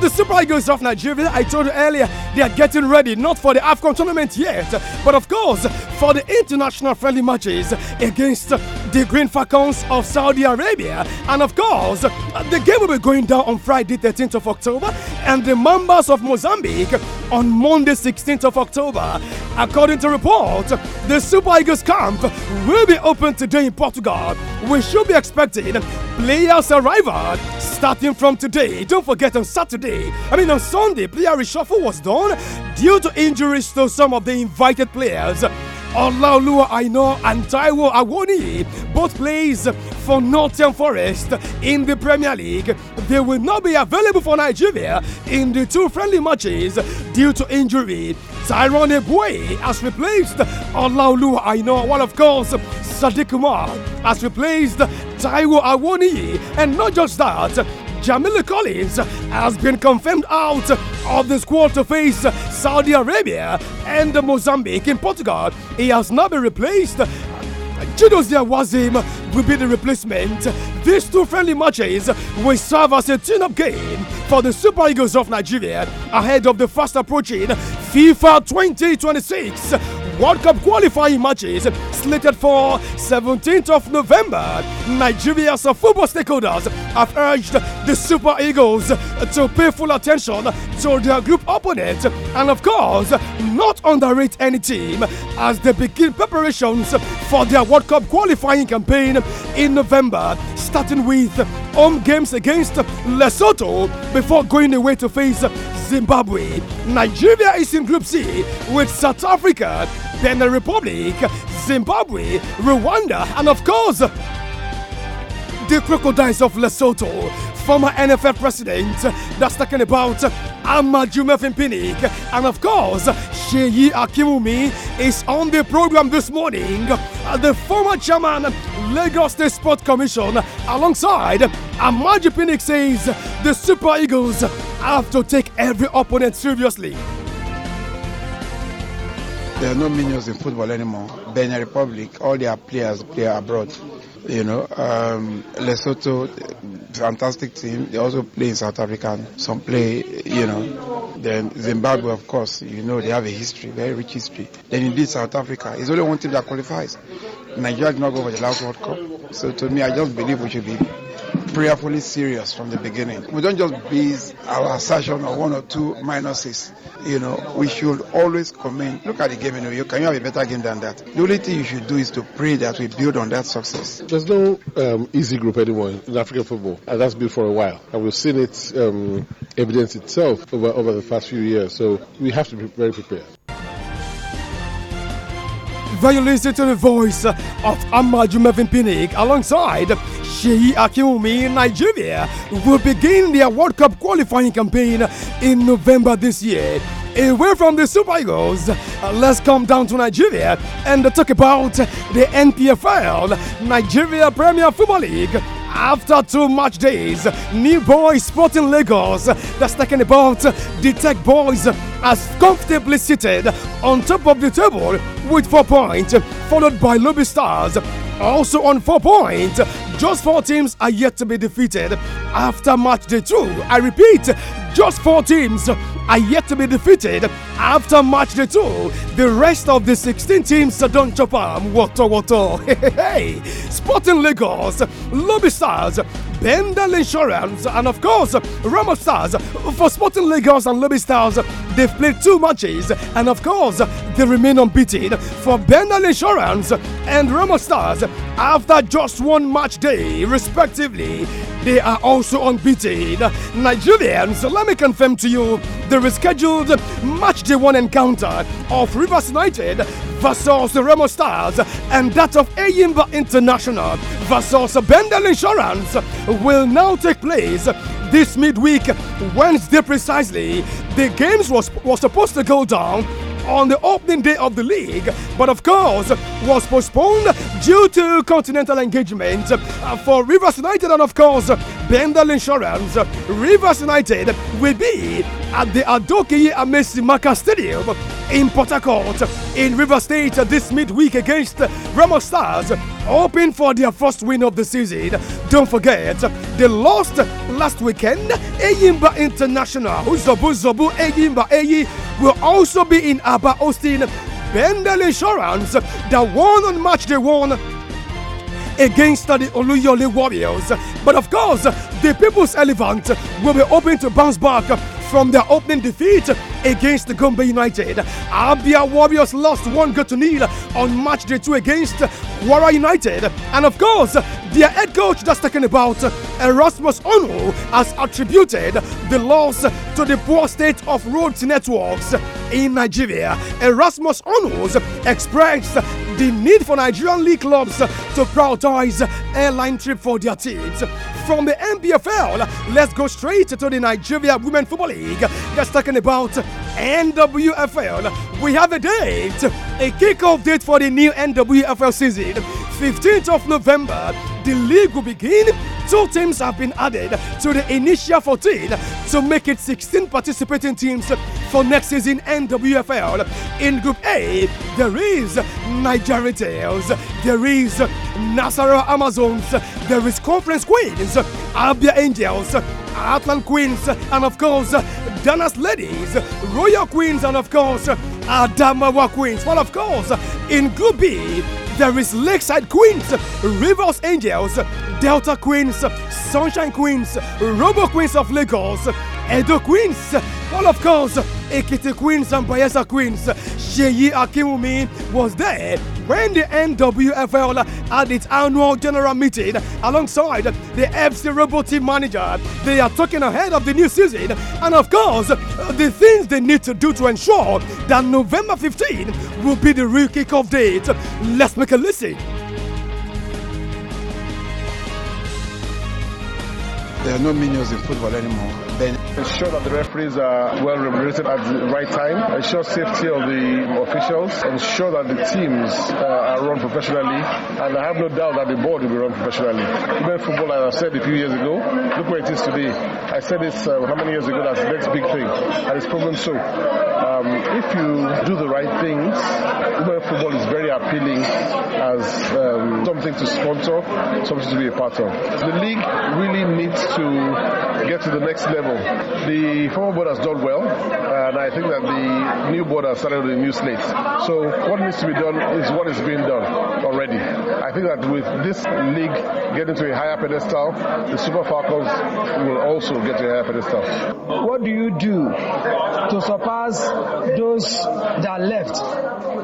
the Super Eagles of Nigeria, I told you earlier, they are getting ready not for the AFCON tournament yet, but of course for the international friendly matches against the Green Falcons of Saudi Arabia. And of course, the game will be going down on Friday, 13th of October, and the members of Mozambique on Monday, 16th of October. According to report, the Super Eagles camp will be open today in Portugal. We should be expecting players' arrival starting from today. Don't forget on Saturday. I mean, on Sunday, player reshuffle was done due to injuries to some of the invited players. Olaoluwa Aino and Taiwo Awoni both plays for Nottingham Forest in the Premier League. They will not be available for Nigeria in the two friendly matches due to injury. Tyrone Ebue has replaced Olaoluwa Aino, while of course Sadiq Kumar has replaced Taiwo Awoni. And not just that, Jamila Collins has been confirmed out of the squad to face Saudi Arabia and Mozambique in Portugal. He has now been replaced Judos Wazim will be the replacement. These two friendly matches will serve as a tune-up game for the Super Eagles of Nigeria ahead of the fast approaching FIFA 2026 World Cup qualifying matches slated for 17th of November. Nigeria's football stakeholders have urged the Super Eagles to pay full attention to their group opponent and, of course, not underrate any team as they begin preparations for their World Cup qualifying campaign in November, starting with home games against Lesotho before going away to face Zimbabwe. Nigeria is in Group C with South Africa then the Republic, Zimbabwe, Rwanda, and of course, the Crocodiles of Lesotho, former NFL president, that's talking about Amajume Fimpinik, and of course, Sheyi Akimumi is on the program this morning. Uh, the former chairman, Lagos State Sport Commission, alongside Amajupinik says the Super Eagles have to take every opponent seriously. There are no minions in football anymore. Benin Republic, all their players play abroad. You know, um, Lesotho, fantastic team. They also play in South Africa. Some play, you know, then Zimbabwe, of course, you know they have a history, very rich history. Then indeed South Africa. It's only one team that qualifies. Nigeria did not go for the last World Cup. So to me, I just believe we should be prayerfully serious from the beginning. We don't just base our assertion on one or two minuses. You know, we should always comment. Look at the game in you Can you have a better game than that? The only thing you should do is to pray that we build on that success. There's no um, easy group anymore in African football, and that's been for a while. And we've seen it um, evidence itself over, over the past few years. So we have to be very prepared. There you listen to the voice of Amaju Mevin Pinnick alongside Sheyi in Nigeria will begin their World Cup qualifying campaign in November this year. Away from the Super Eagles, let's come down to Nigeria and talk about the NPFL, Nigeria Premier Football League after two match days. New Boys Sporting Lagos, the second about the Tech Boys, as comfortably seated on top of the table with four points, followed by Lobby Stars also on four points. Just four teams are yet to be defeated after match day two. I repeat, just four teams are yet to be defeated after match day two. The rest of the 16 teams don't chop arm. Water, water. [LAUGHS] Hey, Sporting Lagos, Lobby Stars, Bendel Insurance, and of course, Rama Stars. For Sporting Lagos and Lobby Stars, they've played two matches, and of course, they remain unbeaten. For Bendel Insurance and Rama Stars, after just one match day, respectively. They are also unbeaten. Nigerians, let me confirm to you the rescheduled match day one encounter of Rivers United versus the Remo Stars and that of Ayimba International versus Bendel Insurance will now take place this midweek, Wednesday precisely. The games was, was supposed to go down on the opening day of the league, but of course was postponed due to continental engagement uh, for Rivers United and of course Bendel Insurance. Rivers United will be at the Adokiye Amesimaka Stadium in Port Harcourt in River State this midweek against Ramos Stars, hoping for their first win of the season. Don't forget, they lost last weekend, Eyimba International, Uzobu Zobu Eyimba Eyi, will also be in Aba hosting Bendel Insurance, the one on match day one against the Oluyole Warriors. But of course, the People's Elephant will be hoping to bounce back from their opening defeat against Gombe United. Abia Warriors lost one goal to nil on match day two against Wara United. And of course, their head coach that's talking about Erasmus Ono has attributed the loss to the poor state of road networks in Nigeria. Erasmus Onu expressed the need for Nigerian league clubs to prioritize airline trip for their teams from the NBFL, let's go straight to the Nigeria Women Football League. That's talking about NWFL. We have a date, a kickoff date for the new NWFL season, 15th of November. The league will begin Two teams have been added to the initial 14 to make it 16 participating teams for next season NWFL. In Group A, there is Nigeria Tales, there is Nasarawa Amazons, there is Conference Queens, Abia Angels, Atlant Queens, and of course, Danas Ladies, Royal Queens, and of course, Adamawa Queens. Well, of course, in Group B, there is Lakeside Queens, Rivers Angels, Delta Queens, Queens, Sunshine Queens, Robo Queens of Lagos, Edo Queens, all of course, Ekiti Queens and Bayelsa Queens. Sheyi Akimumi was there when the NWFL had its annual general meeting alongside the FC Robo team manager. They are talking ahead of the new season and, of course, the things they need to do to ensure that November 15 will be the real kickoff date. Let's make a listen. There are no minions in football anymore. ensure that the referees are well remunerated at the right time, ensure safety of the officials, ensure that the teams uh, are run professionally, and I have no doubt that the board will be run professionally. Even football, as I said a few years ago, look where it is today. I said this uh, how many years ago, that's the next big thing, and it's proven so. Um, if you do the right things, women football is very appealing as um, something to sponsor, something to be a part of. The league really needs to get to the next level. The former board has done well, and I think that the new board has started with a new slate. So what needs to be done is what is being done already. I think that with this league getting to a higher pedestal, the Super Falcons will also get to a higher pedestal. What do you do to surpass those that left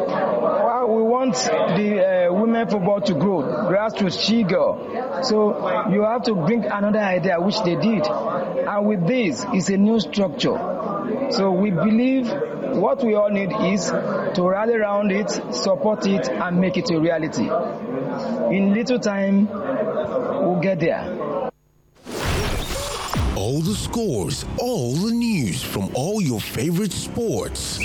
we want the uh, women football to grow, grassroots, she girl. So you have to bring another idea, which they did. And with this, it's a new structure. So we believe what we all need is to rally around it, support it, and make it a reality. In little time, we'll get there. All the scores, all the news from all your favorite sports.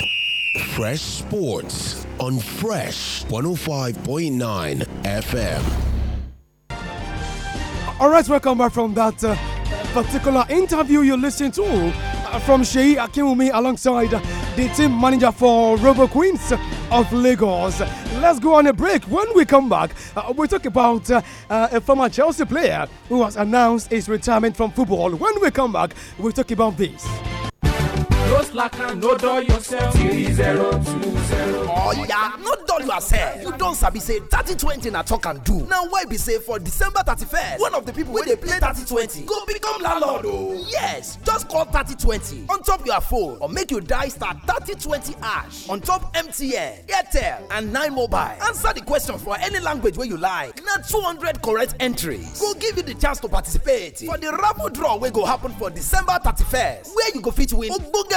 Fresh Sports on Fresh 105.9 FM. All right, welcome back from that uh, particular interview you listened to uh, from Shei Akimumi alongside the team manager for Robo Queens of Lagos. Let's go on a break. When we come back, uh, we talk about uh, uh a former Chelsea player who has announced his retirement from football. When we come back, we talk about this. No slack and no dull yourself. Three zero two zero. Oh yeah, no dull yourself. You don sabi say thirty twenty na talk and do. Now why be say for December thirty first, one of the people wey dey play thirty twenty go become landlord o. Oh? Yes, just call thirty twenty on top your phone or make you die star thirty twenty ash on top MTN, Airtel and Nine Mobile. Answer the question for any language wey you like. Na two hundred correct entries go give you the chance to participate for the raffle draw wey go happen for December thirty first, where you go fit win ogbonge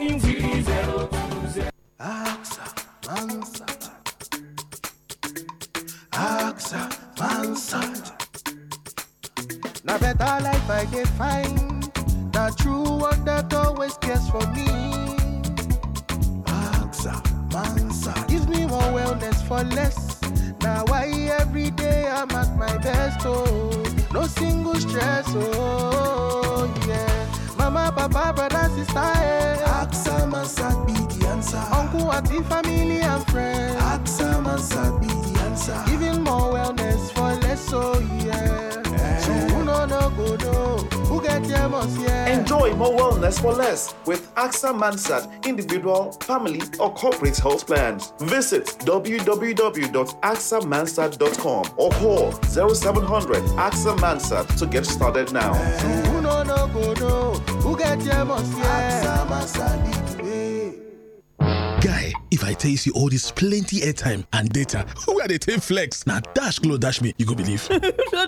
AXA, Mansard. AXA, Mansard. Now better life I get find. The true one that always cares for me. AXA, Mansard. Gives me more wellness for less. Now why every day I'm at my best, oh. No single stress, oh, yeah mama, papa, brother, sister. Eh. Axa Masak be the answer. Uncle, auntie, family, and friends. Axa Masak be the answer. Giving more wellness for less, so yeah. Eh. So, who no, no, go, no. Enjoy more wellness for less with AXA Mansat individual, family, or corporate health plans. Visit www.axamansat.com or call 0700 AXA Mansat to get started now. Guy, if I tell you all this plenty airtime and data, [LAUGHS] Who are they take flex? Now dash glow dash me, you go believe. [LAUGHS]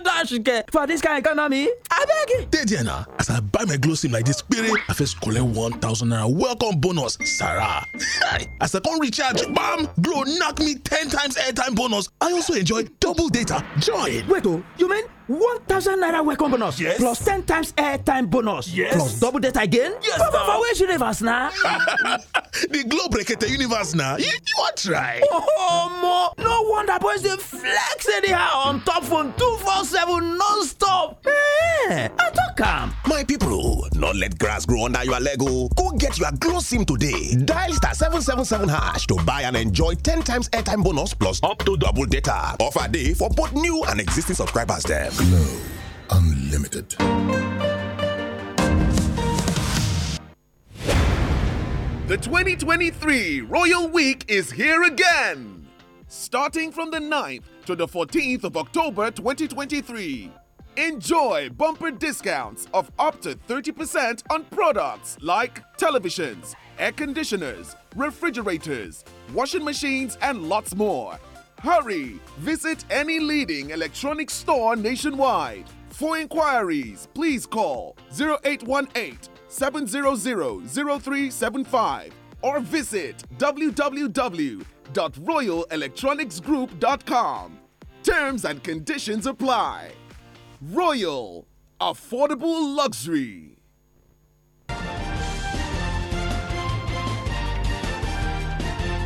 dash get for this kind economy. [LAUGHS] again. Dey there na, as I buy my glow sim like this kpere, I first collect 1000 naira welcome bonus, Sarah. [LAUGHS] as I come recharge, bam, glow knock me 10 times airtime bonus. I also enjoy double data. Join. Wait oh, you mean 1000 naira welcome bonus yes. plus 10 times airtime bonus yes. plus double data again? Yes. But, but, but universe now? [LAUGHS] the glow the universe now. You, you want try? Oh, mo. No wonder boys they flex anyhow on top phone 247 non-stop. Yeah. I talk am. My people, not let grass grow under your Lego. Oh. Go get your Glow SIM today. Dial star 777 hash to buy and enjoy 10 times airtime bonus plus up to double data. Offer day for both new and existing subscribers them. Glow Unlimited. The 2023 Royal Week is here again. Starting from the 9th to the 14th of October 2023. Enjoy bumper discounts of up to 30% on products like televisions, air conditioners, refrigerators, washing machines, and lots more. Hurry! Visit any leading electronics store nationwide. For inquiries, please call 0818 700 0375 or visit www.royalelectronicsgroup.com. Terms and conditions apply. Royal Affordable Luxury.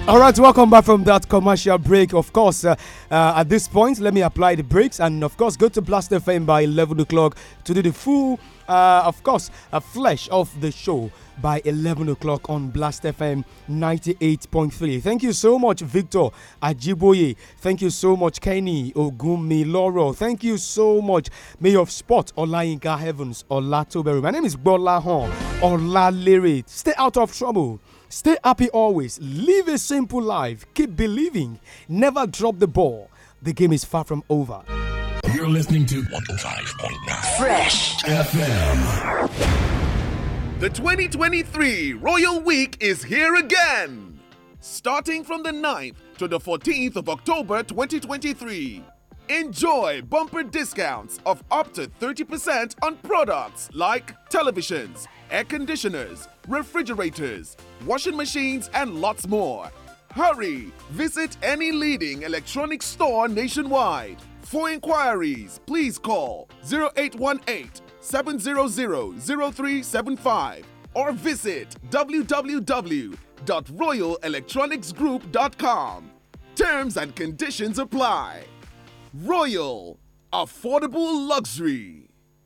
All right, welcome back from that commercial break. Of course, uh, uh, at this point, let me apply the brakes and, of course, go to Blaster Fame by 11 o'clock to do the full uh, of course, a flesh of the show by 11 o'clock on Blast FM 98.3. Thank you so much, Victor Ajiboye. Thank you so much, Kenny Ogumi Loro. Thank you so much, Mayor of Sport Olainka, Heavens Olatoberu. My name is Bola Ola Olalere. Stay out of trouble. Stay happy always. Live a simple life. Keep believing. Never drop the ball. The game is far from over. You're listening to 105.9 Fresh FM. The 2023 Royal Week is here again. Starting from the 9th to the 14th of October 2023. Enjoy bumper discounts of up to 30% on products like televisions, air conditioners, refrigerators, washing machines, and lots more Hurry! Visit any leading electronics store nationwide. For inquiries, please call 0818 700 0375 or visit www.royalelectronicsgroup.com. Terms and conditions apply. Royal Affordable Luxury.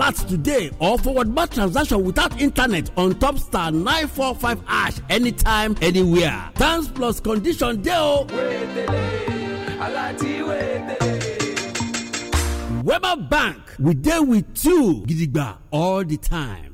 alert today or forward bar transaction without internet on top star 945 ash anytime anywhere thanks plus condition deo weber bank we deal with you gidigba all the time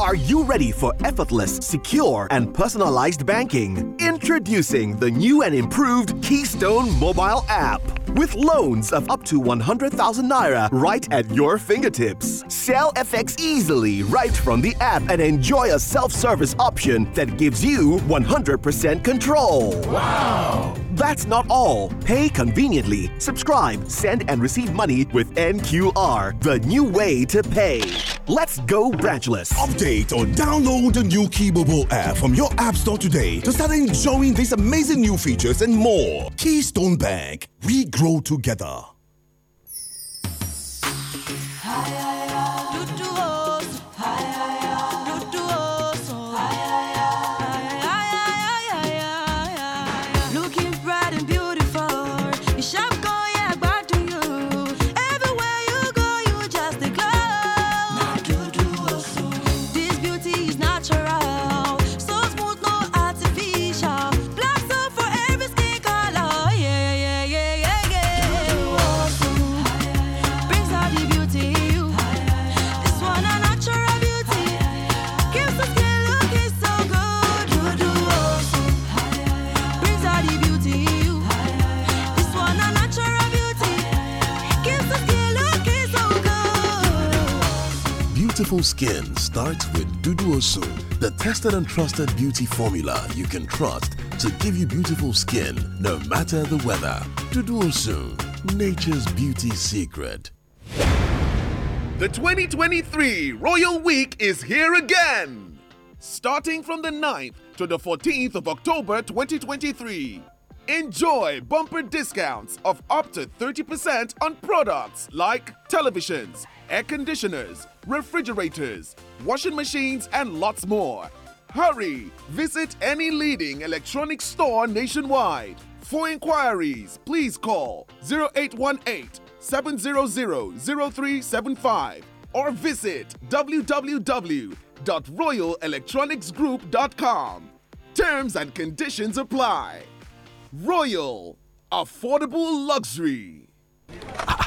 are you ready for effortless, secure, and personalized banking? Introducing the new and improved Keystone mobile app. With loans of up to 100,000 naira right at your fingertips. Sell FX easily right from the app and enjoy a self service option that gives you 100% control. Wow! That's not all. Pay conveniently. Subscribe, send, and receive money with NQR, the new way to pay. Let's go branchless. Update or download the new Keybobble app from your app store today to start enjoying these amazing new features and more. Keystone Bank, we grow together. Hi, hi. Beautiful skin starts with Duduoso, the tested and trusted beauty formula you can trust to give you beautiful skin no matter the weather. Duduoso, nature's beauty secret. The 2023 Royal Week is here again, starting from the 9th to the 14th of October 2023. Enjoy bumper discounts of up to 30% on products like televisions, air conditioners, refrigerators, washing machines, and lots more. Hurry! Visit any leading electronics store nationwide. For inquiries, please call 0818 700 0375 or visit www.royalelectronicsgroup.com. Terms and conditions apply. Royal Affordable Luxury. [LAUGHS]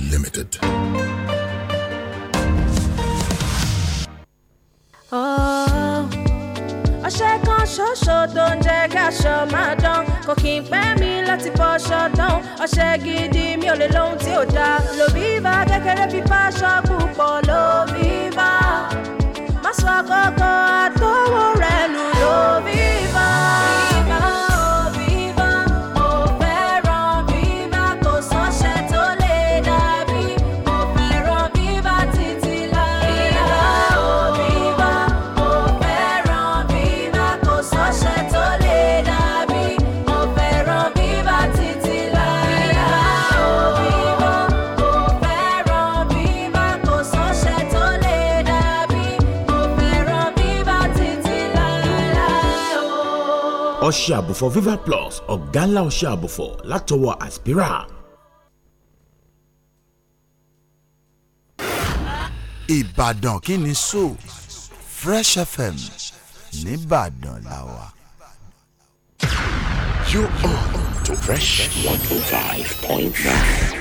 Limited. Oh, ọṣẹ kan ṣoṣo tó ń jẹ́ káṣọ máa dán kò kí n je maa dan ko ki n pe mi láti ọṣẹ gidi mi ò lè lóhun tí ò dáa kékeré púpọ̀ kókó àtọwọ́ rẹ ọṣẹ àbùfọ̀ viva plus ọ̀gá ńlá ọṣẹ àbùfọ̀ látọwọ́ aspira. ìbàdàn kí ni so fresh fm nìbàdàn làwà. you are on to fresh one oh five point nine.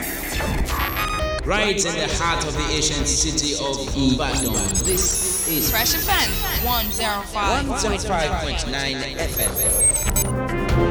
right in the heart of the ancient city of Ibadan. This is Fresh Offense 105.9 FM.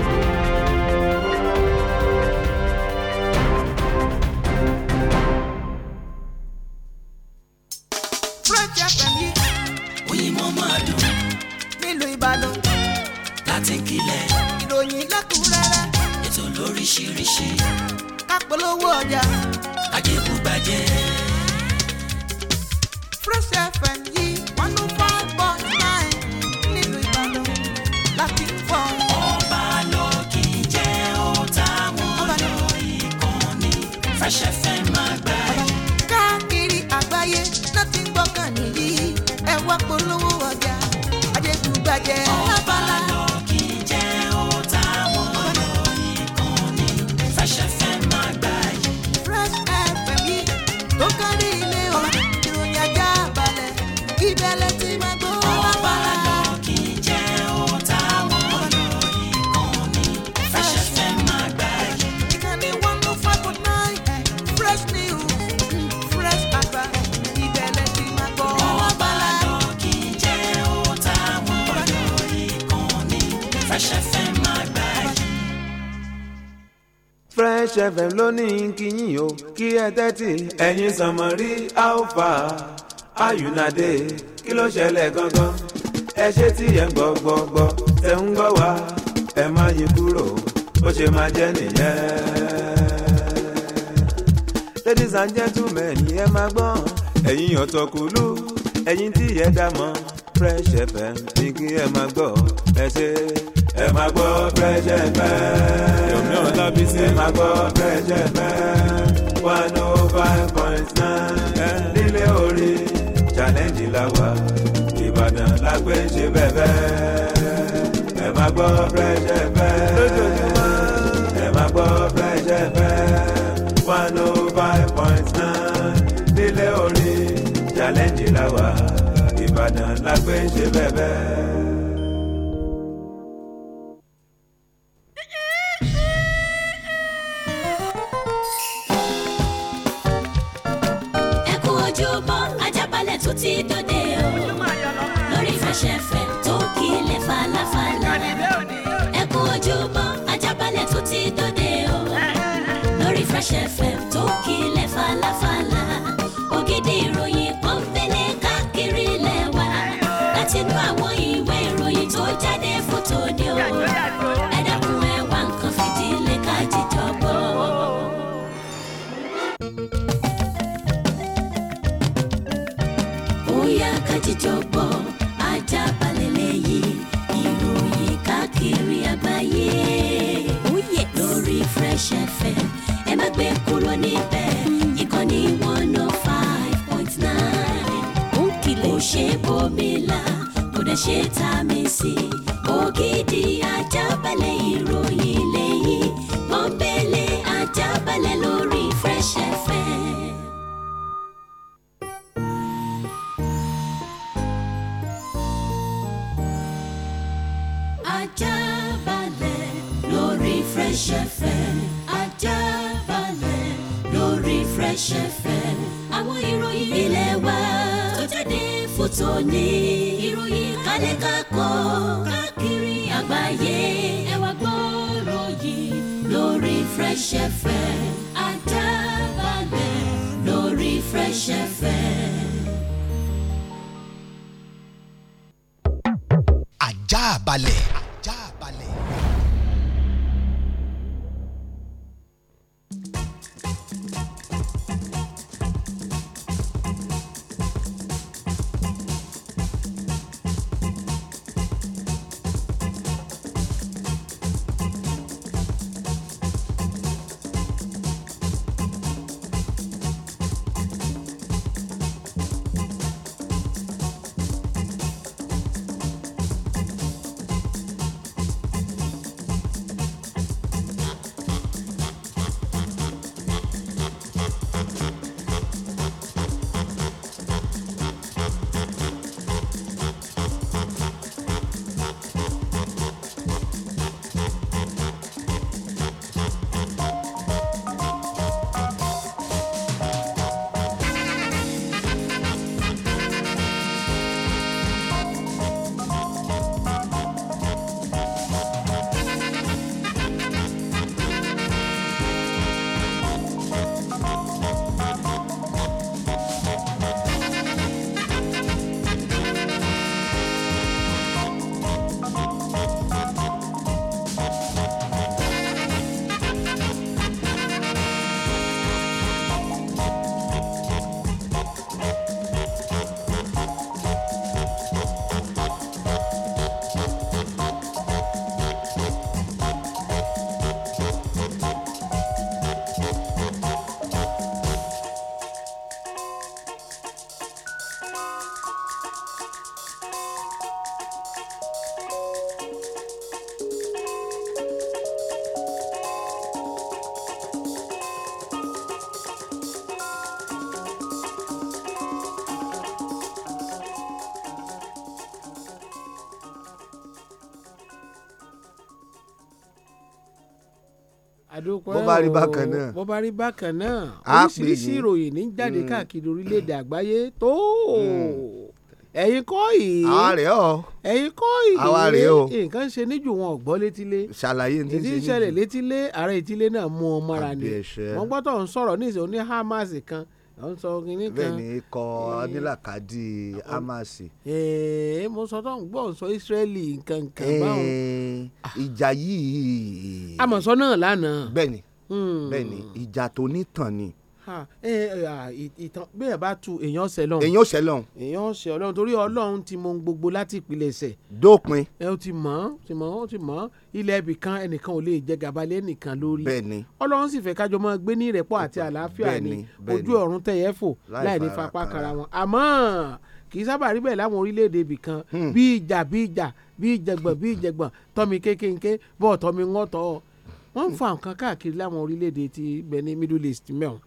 fm lónìí kíyìn o kí ẹ tẹ́tì. ẹ̀yin sànmọ́rí alfa ayùnádé kí ló ṣẹlẹ̀ gangan ẹ ṣe tí ẹ ń gbọ́ gbọ́ gbọ́ ẹ ń gbọ́ wá ẹ má yí kúrò bó ṣe máa jẹ́ nìyẹn. ladies and gentlemen ẹ máa gbọ́n ẹ̀yin ọ̀tọ̀kùlú ẹ̀yin tí ẹ dá mọ́ fresh fm ní kí ẹ máa gbọ́ ẹ ṣe ẹ máa gbọ́ Fresh FM. yomi Ọlábísí ẹ máa gbọ́ Fresh oh FM. Eh. one oh five point nine nílé orí challenge la wà Ìbàdàn la gbé ṣe bẹ́ẹ̀ ẹ máa gbọ́ Fresh FM. lójoojúmọ́ ẹ máa gbọ́ Fresh FM. one oh five point nine nílé orí challenge la wà Ìbàdàn la gbé ṣe bẹ́ẹ̀. dúpẹ́ o bó bá rí bákan náà bó bá rí bákan náà oríṣiríṣi ìròyìn ní jáde mm. káàkiri orílẹ̀-èdè mm. àgbáyé tó mm. ẹ̀yin kọ́ yìí àwa rẹ̀ ọ́ ẹ̀yin kọ́ yìí àwa rẹ̀ ọ́ nǹkan ṣe níjù wọn ọ̀gbọ́n létílé ṣàlàyé ní ti ṣẹlẹ̀ létílé ààrẹ ìtílé náà mú ọ mọ́ra ni wọ́n gbọ́dọ̀ ń sọ̀rọ̀ ní ìṣẹ́ oní Hamas kan ó ń sọ kínní kan bẹ́ẹ̀ ni ikọ̀ onílàkadì eh, eh, amasi. ee eh, mo sọ tó ń gbọ́ sọ Ísírẹ́lì nǹkan kan báwọn. ìjà yìí. amọ̀sọ náà lánàá. bẹ́ẹ̀ ni hmm. bẹ́ẹ̀ ni ìjà tó nítàn ni ìtàn eh, eh, ah, bẹ́ẹ̀ bá tu èèyàn ṣẹ lọ́hùn. èèyàn ṣẹ lọ́hùn. èèyàn ṣẹ ọlọ́run torí ọlọ́run ti mọ ohun gbogbo láti ìpìlẹ̀ ṣẹ̀. dópin. ẹ o ti mọ̀ ọ́ ti mọ̀ ọ́ ti mọ̀ ọ́ ilẹ̀ ibì kan ẹnìkan ò lè jẹ gàba lé ẹnìkan lórí. bẹ́ẹ̀ni. ọlọ́run sì fẹ́ kájọ mọ́ gbé ní ìrẹ́pọ̀ àti àlàáfíà ni ojú ọ̀run tẹ̀yẹ́ fò láì ní fapá kara wọn àmọ́ kì í sábà rí bẹ́ẹ̀ láwọn orílẹ̀-èdè ibì kan hmm. bí ìjà bí ìjà bí ìjẹgbọ̀n bí ìjẹgbọ̀n tọ́mi kékeré bọ́ọ̀ tọ́mi ń wọ́tọ̀ wọ́n ń fa nǹkan káàkiri láwọn orílẹ̀-èdè ti bẹ̀ ní Middle East mẹ́wọ̀n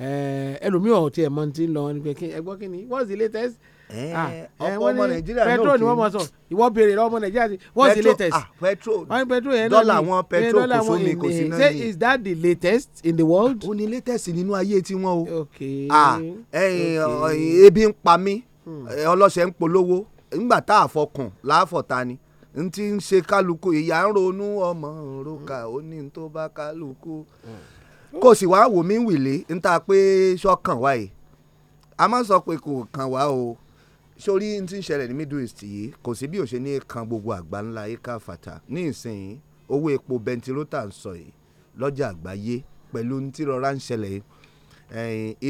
Eh, ẹlòmíràn ọ̀tí ẹ̀ mọ́ ti ń lọ ẹ gbọ́ kí ni what's the latest eh, ah, ọ̀pọ̀ ọmọ eh, nàìjíríà náà petrol ni wọ́n mọ̀ sọ ìwọ béèrè lọ́mọ nàìjíríà sí what's the latest ah, petrol petrol yẹn dọ́là wọn petrol kò sómi kò sí náà ni say is that the latest in the world. ó ní latest nínú ayé tiwọn o ah, ebi ń pa mí hmm. ọlọ́sẹ̀ ń polówó nígbà tá a fọkàn láàfọ̀ta ni n ń ṣe kálukú ìyá ń ronú ọmọ òrùka ó ní tó bá kálukú. Mm kò sì wá wò mí wìlé ń ta pé sọ́kàn wá yìí a máa sọ pé kò kàn wá o sórí n ti ṣẹlẹ̀ ní Middle East yìí kò sí bí òṣèlú kan gbogbo àgbà ńlá ika fata ní ìsìn owó epo bẹntirótà ń sọ yìí lọ́jà àgbáyé pẹ̀lú ti rọra ń ṣẹlẹ̀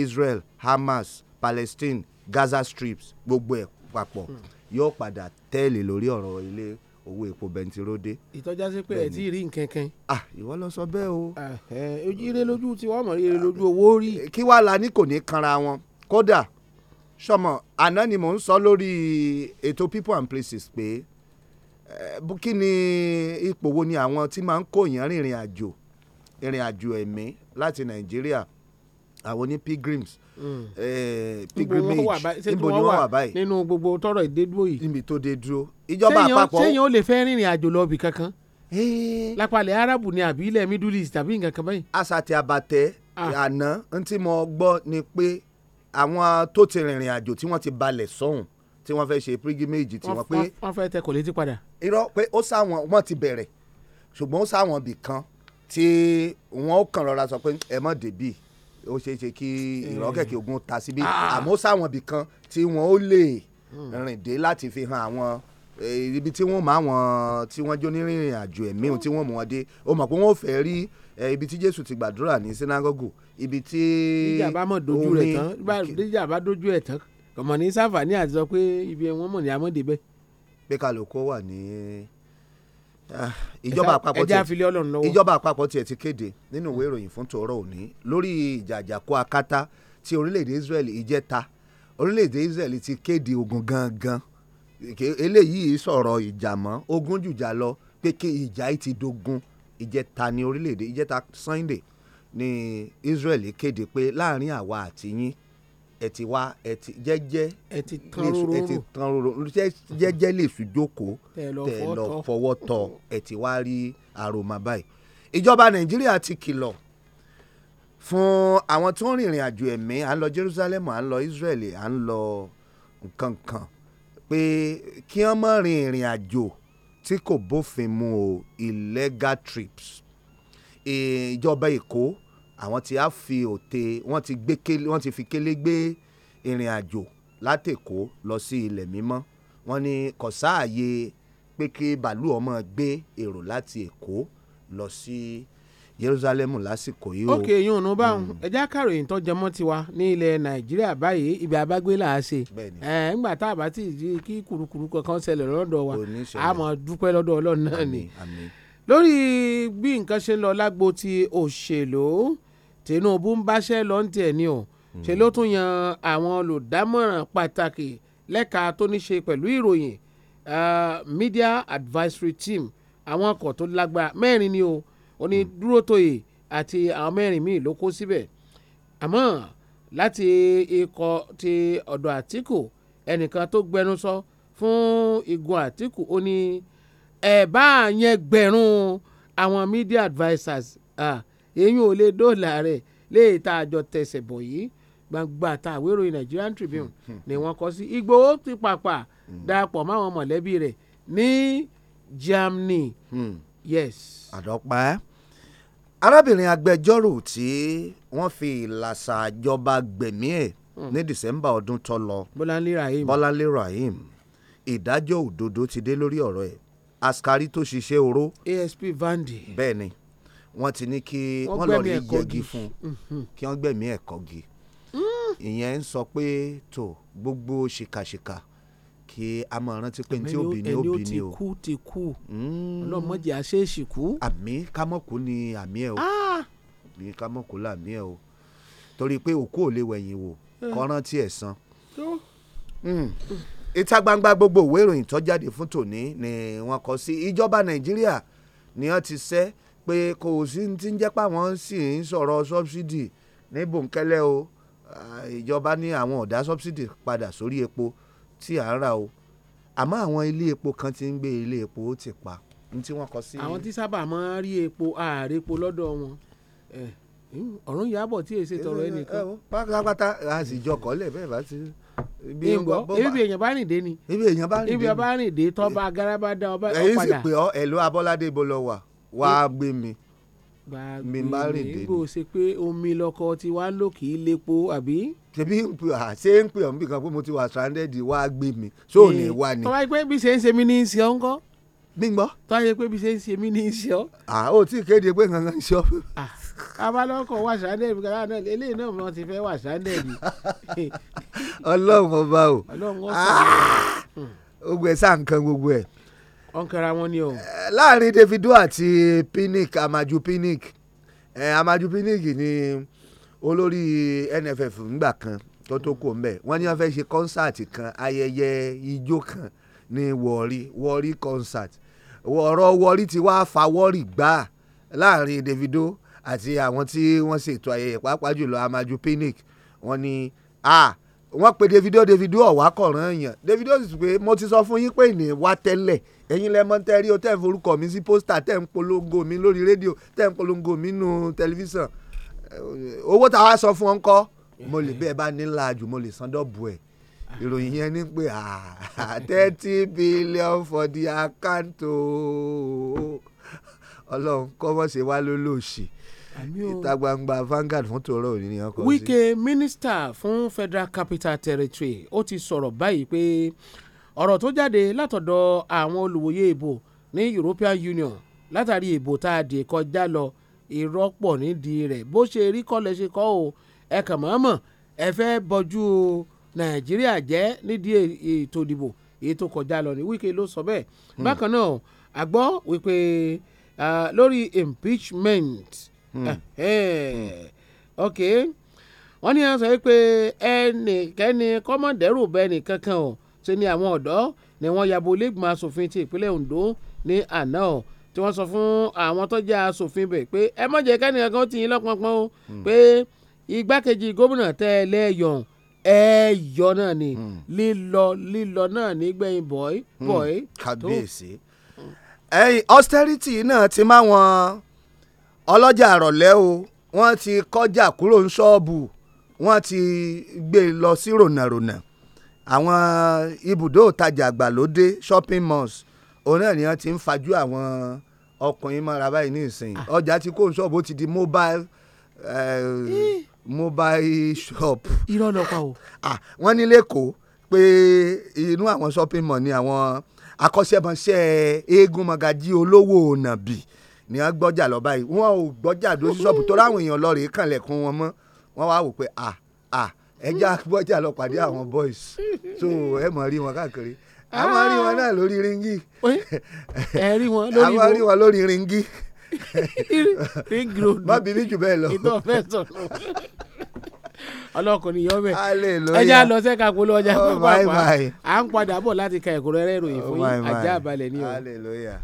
Israel Hamas Palestine Gaza Strip gbogbo ẹ̀ papọ̀ hmm. yóò padà tẹ́lẹ̀ lórí ọ̀rọ̀ ilé owó epo bẹntiró dé. ìtọ́já sí pé ẹ̀ tí rí nkankan. ah ìwọ lọ sọ bẹ́ẹ̀ o. ojú ire lójú tí wọ́n mọ̀ ire lójú owó rí. Eh, kí wàá la ní kò ní kanra wọn kódà sọmọ àná ni mò ń sọ lórí ètò people and places pé eh, kí ni ipò wo ni àwọn tí máa ń kó èèyàn àjò ìrìn àjò ẹ̀mí láti Nàìjíríà àwọn ní pilgrims mm. eh, pilgrimage níbo ni wọ́n wà báyìí nínú gbogbo tọrọ ìdédúró yìí níbi tó dé dúró ìjọba àpapọ̀ sẹ́yìn ó lè fẹ́ rìnrìn àjò lọ bì kankan eh. lápalẹ̀ arabu ni àbí ilẹ̀ middle east tàbí nǹkan kan báyìí. àṣà tí àbàtẹ ah. àná ń tí mo gbọ́ ni pé àwọn tó ti rìnrìn àjò tí wọ́n ti balẹ̀ sọ́hùn tí wọ́n fẹ́ ṣe pilgrimage tí wọ́n pé. wọ́n fẹ́ tẹ kò létí padà. irọ́ pé ó sáwọn wọ́n ti bẹ̀rẹ̀ ṣùgbọ́n ó sáwọn bì kan tí wọ́n kàn rọra sọ pé ẹ mọ̀ débì ó ṣeé ṣe kí ìrọ́kẹ̀kẹ̀ eh. ogun ta síbí ah. àmọ́ sáwọn ibì kan tí wọ́n ó lè rìn dé láti fi hàn àwọn eh, ibi tí wọ́n máa wọn tí wọ́n jó nírìnrìn àjò ẹ̀mí tí wọ́n mú wọn dé ó mọ̀ pé wọ́n fẹ́ rí eh, ibi tí Jésù ti gbàdúrà ní sinagogo ibi tí. ìjà ìjà bá dojú ẹ̀ tán kọ̀mọ̀ ní sáfà ní àti sọ pé ibi wọn mọ̀ ní amọ̀dé bẹ́ẹ̀. pé kálukú wà ní Ah, ìjọba àpapọ̀ tiẹ̀ ìjọba àpapọ̀ tiẹ̀ ti kéde nínú ìwé ìròyìn fún tòórọ́ òní lórí ìjàjàkú akátá ti orílẹ̀-èdè Israel ìjẹta orílẹ̀-èdè Israel ti kéde ogun gangan eléyìí sọ̀rọ̀ ìjà mọ́ ogun jùjà lọ pé kí ìjà yìí ti dogun ìjẹta ní orílẹ̀-èdè ìjẹta Sunday ní Israel kéde pé láàrin àwa àti yín ẹ ti wá ẹ ti jẹ́jẹ́ ẹ ti tán roro ẹ ti tán roro jẹ́jẹ́ lè sùn jókòó tẹ̀ lọ fọwọ́ tọ ẹ ti wá rí àròmà báyìí ìjọba nàìjíríà ti kìlọ̀ fún àwọn tó ń rìnrìn àjò ẹ̀mí à ń lọ Jerusalem à ń lọ Israel à ń lọ nkankan pé kí wọ́n má rin ìrìn àjò tí kò bófin mu o illegal trips ìjọba èkó e, àwọn ti á fi òte wọ́n ti gbé kélé wọ́n ti fi kélé gbé ìrìn àjò látèkó lọ sí ilẹ̀ mímọ́ wọ́n ní kò sáàyè pé kí bàálù ọmọ gbé èrò láti èkó lọ sí Jerúsálẹ́mù lásìkò yìí o. ok yóò nù báwọn hmm. ẹja kàròyìn tó jẹmọ́ tiwa ní ilẹ̀ Nàìjíríà báyìí ibi abágbé là á ṣe ẹ ńgbà tá a bá ti di kí kùrukùru kankan ṣẹlẹ̀ lọ́dọ̀ wa a máa dúpẹ́ lọ́dọ̀ Ọlọ́run náà ni lórí bí nǹkan ṣe ń lọ lágbo ti òṣèlú. Tinubu ń báṣẹ́ lọ ń tiẹ̀ ni o hmm. ṣe ló tún yan àwọn olùdámọ̀ràn pàtàkì lẹ́ka tó ní ṣe pẹ̀lú ìròyìn media advisory team àwọn ọkọ̀ tó lágbára mẹ́rin ni o ó ní hmm. Dúrótoyè àti àwọn mẹ́rin míì ló kó síbẹ̀ àmọ́ láti ikọ̀ ti ọ̀dọ̀ Àtíkù ẹnìkan tó gbẹnusọ fún igun Àtíkù ó ní ẹ̀ bá yẹn gbẹ̀rún àwọn media advisers. Uh, èyí ò lè dóòlà rẹ̀ léè tá a jọ tẹsẹ̀ bọ̀ yìí gbangba ta àwọn ìròyìn Nigerian Tribune ni wọ́n kọ sí Ìgbòho ti pàpà darapọ̀ máwọn mọ̀lẹ́bí rẹ̀ ní Germany hmm. yes. àdọ́pẹ́ arábìnrin agbẹjọ́rò tí wọ́n fi ìlàsà àjọba gbẹ̀mí ẹ̀ hmm. ní December ọdún tó lọ Bọ́láńlé Rahim Bọ́láńlé Rahim ìdájọ́ òdodo ti dé lórí ọ̀rọ̀ ẹ̀ askari tó ṣiṣẹ́ oró ASP Vandi bẹ́ẹ̀ ni wọ́n ti ní kí wọ́n lọ rí yẹgi fún mm-hmm. kí wọ́n gbẹ̀mí ẹ̀ kọ́gi mm. ìyẹn ń sọ pé tó gbogbo ṣìkàṣìkà kí a máa rántí pé tí òbí ni òbí ni o. ẹni ó ti kú ti kú mm. ọlọ́mọdé àṣeéṣì kú. àmì kámọ́kù ni àmì ẹ̀ o àmì ah! kámọ́kù ni àmì ẹ̀ o torí pé òkú ò lè wẹ̀yìn wò eh. kọ́rán tí ẹ̀ san. Hmm. ìta gbangba gbogbo ìwé ìròyìn tó jáde fún tòní ni wọ́n kọ sí ìjọba nàìjíríà ni wọ́n ti sẹ́ pé kò sí ti ń jẹ́ páwọn sì ń sọ̀rọ̀ sọ́bsidì ní bòńkẹ́lẹ́ o ìjọba ní àwọn ò dá sọ́bsidì padà sórí epo tí à ń rà o àmọ́ àwọn ilé epo kan ti ń gbé ilé epo ó ti pa ní tí wọ́n kọ sí. àwọn tí sábà máa ń rí epo ààrẹ epo lọ́dọ̀ wọn ọ̀run yàbọ̀ tí èsì tọrọ ẹnìkan. pátápátá a sì jọ kọ́lẹ̀ bẹ́ẹ̀ bá ti. ìgbọ́ ibi èèyàn bá rìn dé ni ibi èèyàn bá rìn dé tọ́ba agaraba da ọba padà. èyí sì pé ọ ẹ̀lú abọ́ládé ibo wá gbé mi mi má rè dé ni. bó ṣe pé omi lọkọ tí wàá lò kì í lépo àbí. ṣebí ṣé ń pè ọ́ níbi kan pé mo ti wà stranded wàá gbé mi ṣé ò ní eh, wá ni. tọ́wá pé bí ṣe ń ṣe mí ní í ṣe ọ́ ń kọ́. gbígbọ́. tọ́wá yẹ pé bí ṣe ń ṣe mí ní í ṣe ọ́. à ó tí kéde pé kankan ń ṣe ọ́. abalọ́kọ̀ wà stranded bí kankan náà eléyìí náà wọ́n ti fẹ́ wà stranded. [LAUGHS] ọlọ́run ọba o ogun ẹ̀ ah! hmm. gbogbo ẹ̀ ọ̀nkẹ́ra wọn ni o. Eh, láàrin Davido àti Pinnick Amaju Pinnick eh, Amaju Pinnick ni olórí NFF ńgbà kan tó tó kò mbẹ wọ́n ní wọ́n fẹ́ẹ́ ṣe kọ́nsáàtì kan ayẹyẹ ijó kan ní wọ́ọ̀rí wọ́ọ̀rí concert ọ̀rọ̀ wọ́ọ̀rí ti wá fa wọ́ọ̀rì gbà láàrin Davido àti àwọn tí wọ́n ṣètò ayẹyẹ pàápàá jùlọ Amaju Pinnick wọ́n ní a. Ah, wọ́n pe Davido Davido ọ̀wákọ̀ràn èèyàn Davido sì pé mo ti sọ fún yín pé ní wá tẹ́lẹ̀ ẹ̀yin lẹ́mọ́ tẹ́ rí o tẹ́ ń forúkọ mi sí pósítà tẹ́ ń polongo mi lórí rédíò tẹ́ ń polongo mi nù tẹlifíṣàn eh, owó tá a sọ fún ọ ń kọ́ mo lè bẹ́ẹ̀ bá nílà jù mo lè san dọ́bù ẹ̀ ìròyìn yẹn ni pé thirty billion for the account ooo ọlọ́run kọ́ mọ̀ ṣe wá lólóòṣì ìta gbangba Vanguard fún tòró òní ni wọ́n kọ sí. Wike mínísítà fún Federal Capital Territory ó ti sọ̀rọ̀ báyìí pé ọ̀rọ̀ tó jáde látọ̀dọ̀ àwọn olùwòye ìbò ní European Union látàrí ìbò tá a dè kọjá lọ ìrọ́pọ̀ nídìí rẹ̀ bó ṣe rí kọ́lẹ̀ ṣe kọ́ o ẹ kàn mọ́mọ́ ẹ fẹ́ bọ́jú Nàìjíríà jẹ́ nídìí ètò ìdìbò èyí kọjá lọ ní Wike ló sọ bẹ́ẹ̀ hmm. bákan náà a wípé lórí impeachment. Mm. [LAUGHS] ok wọ́n ní wọ́n sọ pé ẹnìkẹ́ni kọ́mọ̀dẹ́rù bẹ́ẹ̀ni kankan o ṣe ni àwọn ọ̀dọ́ ni wọ́n yabo lẹ́gbọ̀n asòfin ti ìpínlẹ̀ Ondo ní àná o tí wọ́n sọ fún àwọn tó jẹ́ asòfin bẹ̀ pé ẹ má jẹ́ kẹ́ni kankan ti yín lọ́pọ̀npọ̀n o mm. pé igbákejì gómìnà tẹ́ ẹ lẹ́yọ̀n ẹ yọ náà ni mm. lílọ lílọ náà nígbẹ̀yìn bọ̀ọ́í bọ̀ọ́í. kábíyèsí ẹyin austerity náà ti máa wọn ọlọ́jà àrọ̀lẹ́ o wọ́n ti kọjá kúrò ní ṣọ́ọ̀bù wọ́n ti gbé e lọ sí rònàrònà àwọn ibùdó ìtajà àgbàlódé shopping malls òun náà ni wọ́n ti ń fajú àwọn ọkùnrin mọ́ra báyìí ah. ní ìsìn ọjà tí kò ṣọ́ọ̀bù ti di mobile eh. Eh, mobile shop. irọ́ lọ pa o. [LAUGHS] Ah, wọ́n ní lẹ́kọ̀ọ́ pé inú àwọn shopping mall ni àwọn akọ́ṣẹ́mọṣẹ́ eégún mọ̀gájí olówó nàbì. No ni wọ́n gbọ́jà lọ báyìí wọ́n ò gbọ́jà dúró sí ṣọ́ọ̀bù tó ráwọn èèyàn lọ rèé kànlẹ̀kùn wọn mọ́ wọ́n wá wò pé à à ẹja gbọ́jà lọ pàdé àwọn boys so ẹ mọ̀ rí wọn káàkiri a máa rí wọn náà lórí ringi ẹ rí wọn lórí wọn a máa rí wọn lórí ringi ring road má bíbí jù bẹ́ẹ̀ lọ ìtọ́ fẹ́ sọ lọ ọlọkùnrin yọ bẹ ẹja lọ sẹka polo ọjà oh pápá à ń padà bọ̀ láti ka ẹ̀kúnrẹ́rẹ́ ìròyìn fún yín oh ajá balẹ̀ ní o.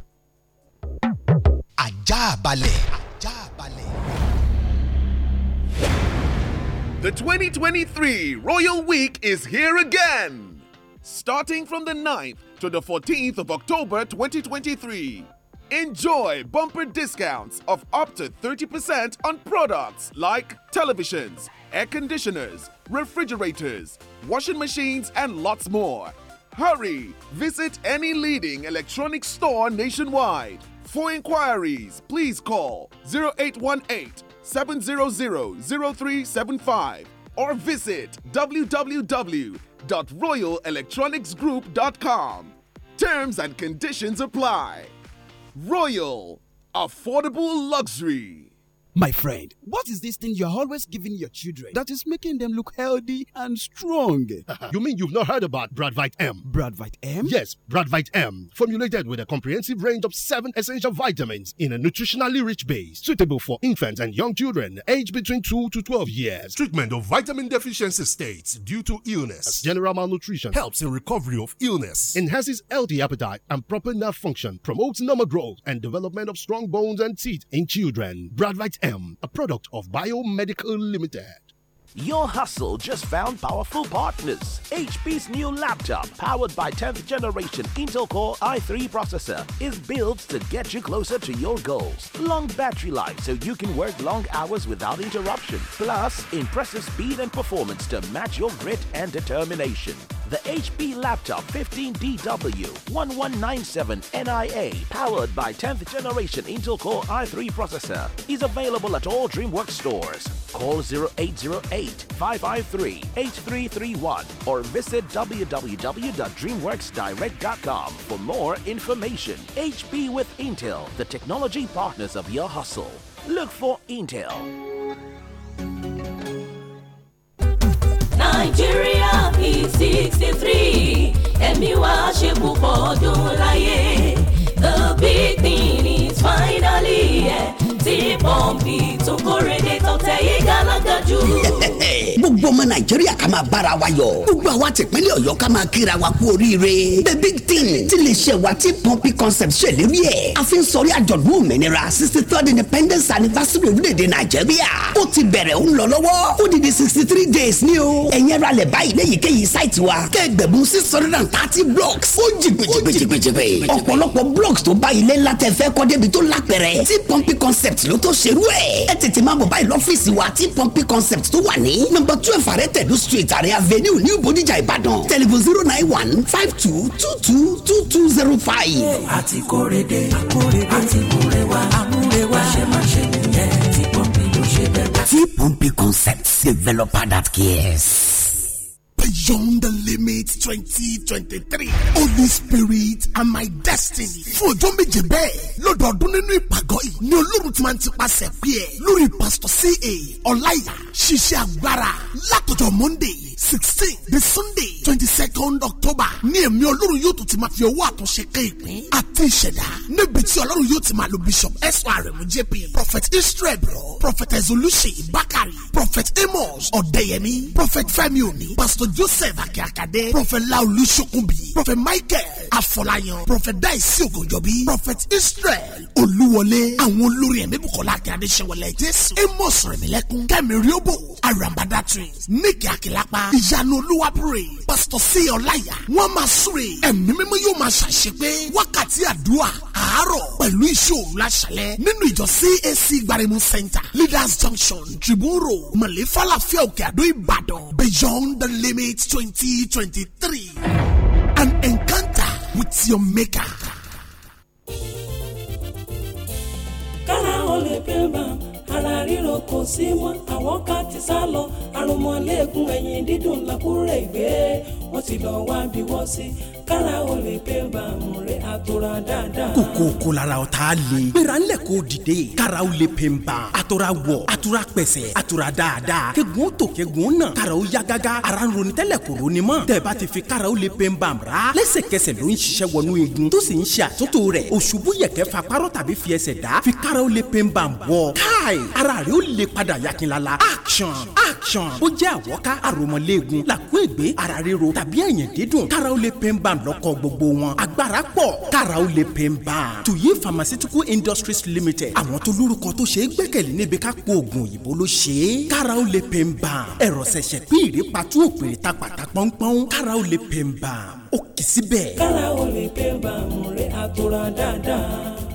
The 2023 Royal Week is here again, starting from the 9th to the 14th of October 2023. Enjoy bumper discounts of up to 30% on products like televisions, air conditioners, refrigerators, washing machines, and lots more. Hurry! Visit any leading electronics store nationwide for inquiries, please call 0818 700 0375 or visit www.royalelectronicsgroup.com. Terms and conditions apply. Royal Affordable Luxury. My friend, what is this thing you're always giving your children that is making them look healthy and strong? [LAUGHS] you mean you've not heard about Bradvite M? Bradvite M? Yes, Bradvite M, formulated with a comprehensive range of seven essential vitamins in a nutritionally rich base, suitable for infants and young children aged between 2 to 12 years. Treatment of vitamin deficiency states due to illness, general malnutrition, helps in recovery of illness, enhances healthy appetite and proper nerve function, promotes normal growth and development of strong bones and teeth in children. Bradvite FM, a product of Biomedical Limited. Your hustle just found powerful partners. HP's new laptop, powered by 10th generation Intel Core i3 processor, is built to get you closer to your goals. Long battery life so you can work long hours without interruption. Plus, impressive speed and performance to match your grit and determination. The HP Laptop 15DW1197NIA, powered by 10th generation Intel Core i3 processor, is available at all DreamWorks stores. Call 0808 8-553-8331 or visit www.dreamworksdirect.com for more information. HP with Intel, the technology partners of your hustle. Look for Intel. Nigeria, p sixty three ẹ̀mí wa ṣe the big thing. finally ẹ̀ tí pọ́ǹpì tó kórè dé tọ̀tẹ̀ yìí gàlágà jù. [LAUGHS] gbogbo ọmọ nàìjíríà ká máa bára wa yọ̀ gbogbo àwa tìpínlẹ̀ ọ̀yọ́ ká máa kíra wa kú oríire the big thing ti lè ṣe wa tí pọ́ǹpì concept ṣe lérí ẹ̀ a fi ń sọrí àjọ̀dún òmìnira sixty third independence anniversary orílẹ̀-èdè nàìjíríà ó ti bẹ̀rẹ̀ ó ń lọ lọ́wọ́ ó di di sixty three days ní o ẹ̀yẹ́ ra lẹ̀ báyìí léyìíkéyìí sáìtì wa kẹ́gbẹ̀bùn six hundred and thirty blocks ó jìgbìjìgbìjìgbìjì ọ̀pọ̀lọpọ̀ blocks tó báyìí lẹ́ńlá tẹ fẹ́ kọ́ débi tó lápẹ̀rẹ̀ tí pọ́ǹpì concept ló tó ṣerú ẹ̀. ẹ tètè máa bọ̀ báyìí lọ́fíìsì wa tí pọ́ǹpì concept tó wà ní. nọ́mbà twelve àrẹ tẹ̀lú street àrẹ avenue new Bodija Ìbàdàn tẹlifon zero nine one five two two two two two zero five. àti kórede àti múrewa àmúrewa ṣe máa ṣe nìyẹn tí pọ́ǹpì ló ṣe bẹ́ẹ̀. tí pọ́ǹpì concept developer that cares beyond the limit twenty twenty three holy spirit and my destiny fún ọjọ́ méje bẹ́ẹ̀ lọ́dọọdún nínú ìpàgọ́ yìí ni olórun ti máa ń tipasẹ̀ pé ẹ̀ lórí pastor ca ọláìyá ṣiṣẹ́ agbára látọjọ́ monday sixteen the sunday twenty second october ní èmi ọlọ́run yóò tún ti máa fi owó àtúnṣe ké ìpín àti ìṣẹ̀dá níbi tí ọlọ́run yóò ti máa lo bishop J. P. prophet israel bro prophet resolution bakari prophet amos ọ̀dẹ́yẹmí prophet fẹ́mi òní pastor j joseph akíakadé prophet laolu sokunbi prophet michael afọláyan prophet daisy ogunjọbi prophet israel olúwọlé àwọn olórí ẹ̀mí bukola akíade sẹwọlẹ jésù amos rẹmílẹ́kún kẹ́mi riobo arambada twins níkẹ́ akílápá ìyanu olúwapure pastor c ọláyà wọ́n máa súre ẹ̀mí mímọ́ yóò máa ṣàṣepé wákàtí àdúrà àárọ̀ pẹ̀lú iṣẹ́ òru láṣálẹ́ nínú ìjọ cac gbaremu center leaders junction tribune road mọ̀lẹ́fà láfíà òkè àdó ìbàdàn beyond the limit. 2023. An encounter with your maker. ara ríro kò sí mọ́ àwọn ká ti sá lọ àrùnmọ́lẹ́gùn ẹ̀yìn dídùn làkúrẹ́ ìgbé wọ́n ti lọ́ọ́ wá bí wọ́n sí kára o lè pé bàmù rẹ̀ àtòrà dáadáa. kòkó kò lára ọ̀tá le. gbéra ńlẹ̀ kò dìde. kára o lè pè ń ban. àtòrà wọ̀ àtòrà pẹ̀sẹ̀ àtòrà dáadáa. kegun tó kegun nà. kára o ya gágá. ara ń ronú tẹ́lẹ̀ kò ronú mọ́. tẹ̀bá ti fi kára o lè pè ń ban ra. lẹ́sẹ̀kẹsẹ̀ ló ń ṣiṣẹ́ wọnú igun. tó sì ń ṣe àtúntò rẹ̀. òṣùbù yẹ̀kẹ́ fa párọ̀ tàbí fi ẹsẹ̀ dá. fi kára ara rẹ̀ ó lè padà yakinlala action action ó jẹ́ àwọ́ká àròmọléegun làkúègbé ara ríro tàbí ẹ̀yìn dídùn kára ó lè pè ń bá lọ́kọ̀ gbogbo wọn agbára pọ̀ kára ó lè pè ń tuyi pharmaceutical industries limited àwọn tó lórúkọ tó ṣe é gbẹ́kẹ̀lé níbi ká po oògùn òyìnbó ló ṣe é kára ó lè pè ń bá ẹ̀rọ ṣẹ̀ṣẹ̀ bí ìrèpàtú òpèrè ta pọ́npọ́n kára ó lè pè ń ó kì í síbẹ̀. kára ó lè pè ń bá mọ̀rẹ́ àtúrà dáadáa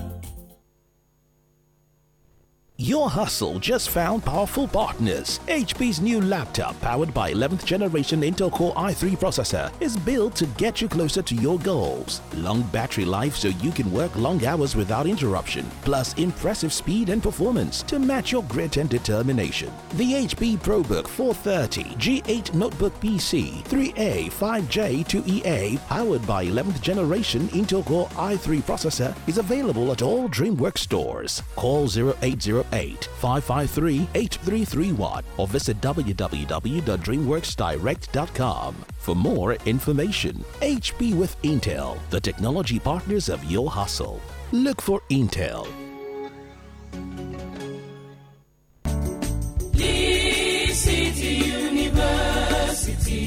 Your hustle just found powerful partners. HP's new laptop, powered by 11th generation Intel Core i3 processor, is built to get you closer to your goals. Long battery life so you can work long hours without interruption, plus impressive speed and performance to match your grit and determination. The HP ProBook 430 G8 Notebook PC 3A 5J 2EA, powered by 11th generation Intel Core i3 processor, is available at all DreamWorks stores. Call 080 808 8331 or visit www.dreamworksdirect.com for more information. HP with Intel, the technology partners of your hustle. Look for Intel.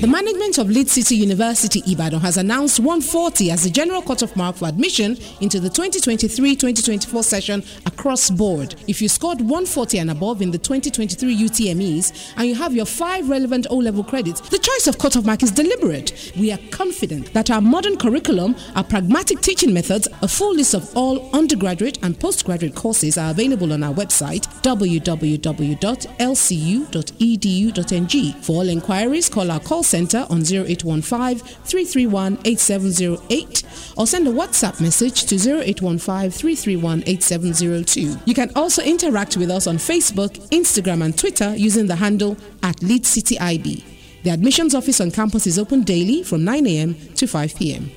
The management of Leeds City University Ibadan has announced 140 as the general cut-off mark for admission into the 2023-2024 session across board. If you scored 140 and above in the 2023 UTMEs and you have your five relevant O-level credits, the choice of cut-off mark is deliberate. We are confident that our modern curriculum, our pragmatic teaching methods, a full list of all undergraduate and postgraduate courses are available on our website www.lcu.edu.ng. For all inquiries, call our call Center on 0815-331-8708 or send a WhatsApp message to 0815-331-8702. You can also interact with us on Facebook, Instagram and Twitter using the handle at Lead City IB. The admissions office on campus is open daily from 9 a.m. to 5 p.m.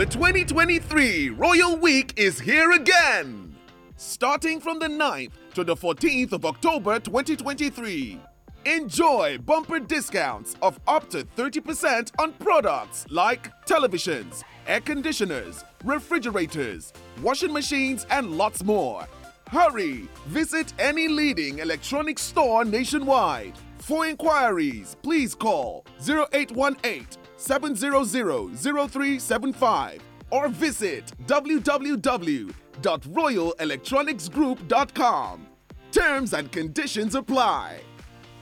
The 2023 Royal Week is here again! Starting from the 9th to the 14th of October 2023. Enjoy bumper discounts of up to 30% on products like televisions, air conditioners, refrigerators, washing machines, and lots more. Hurry! Visit any leading electronics store nationwide. For inquiries, please call 0818 700-0375 or visit www.royalelectronicsgroup.com. Terms and conditions apply.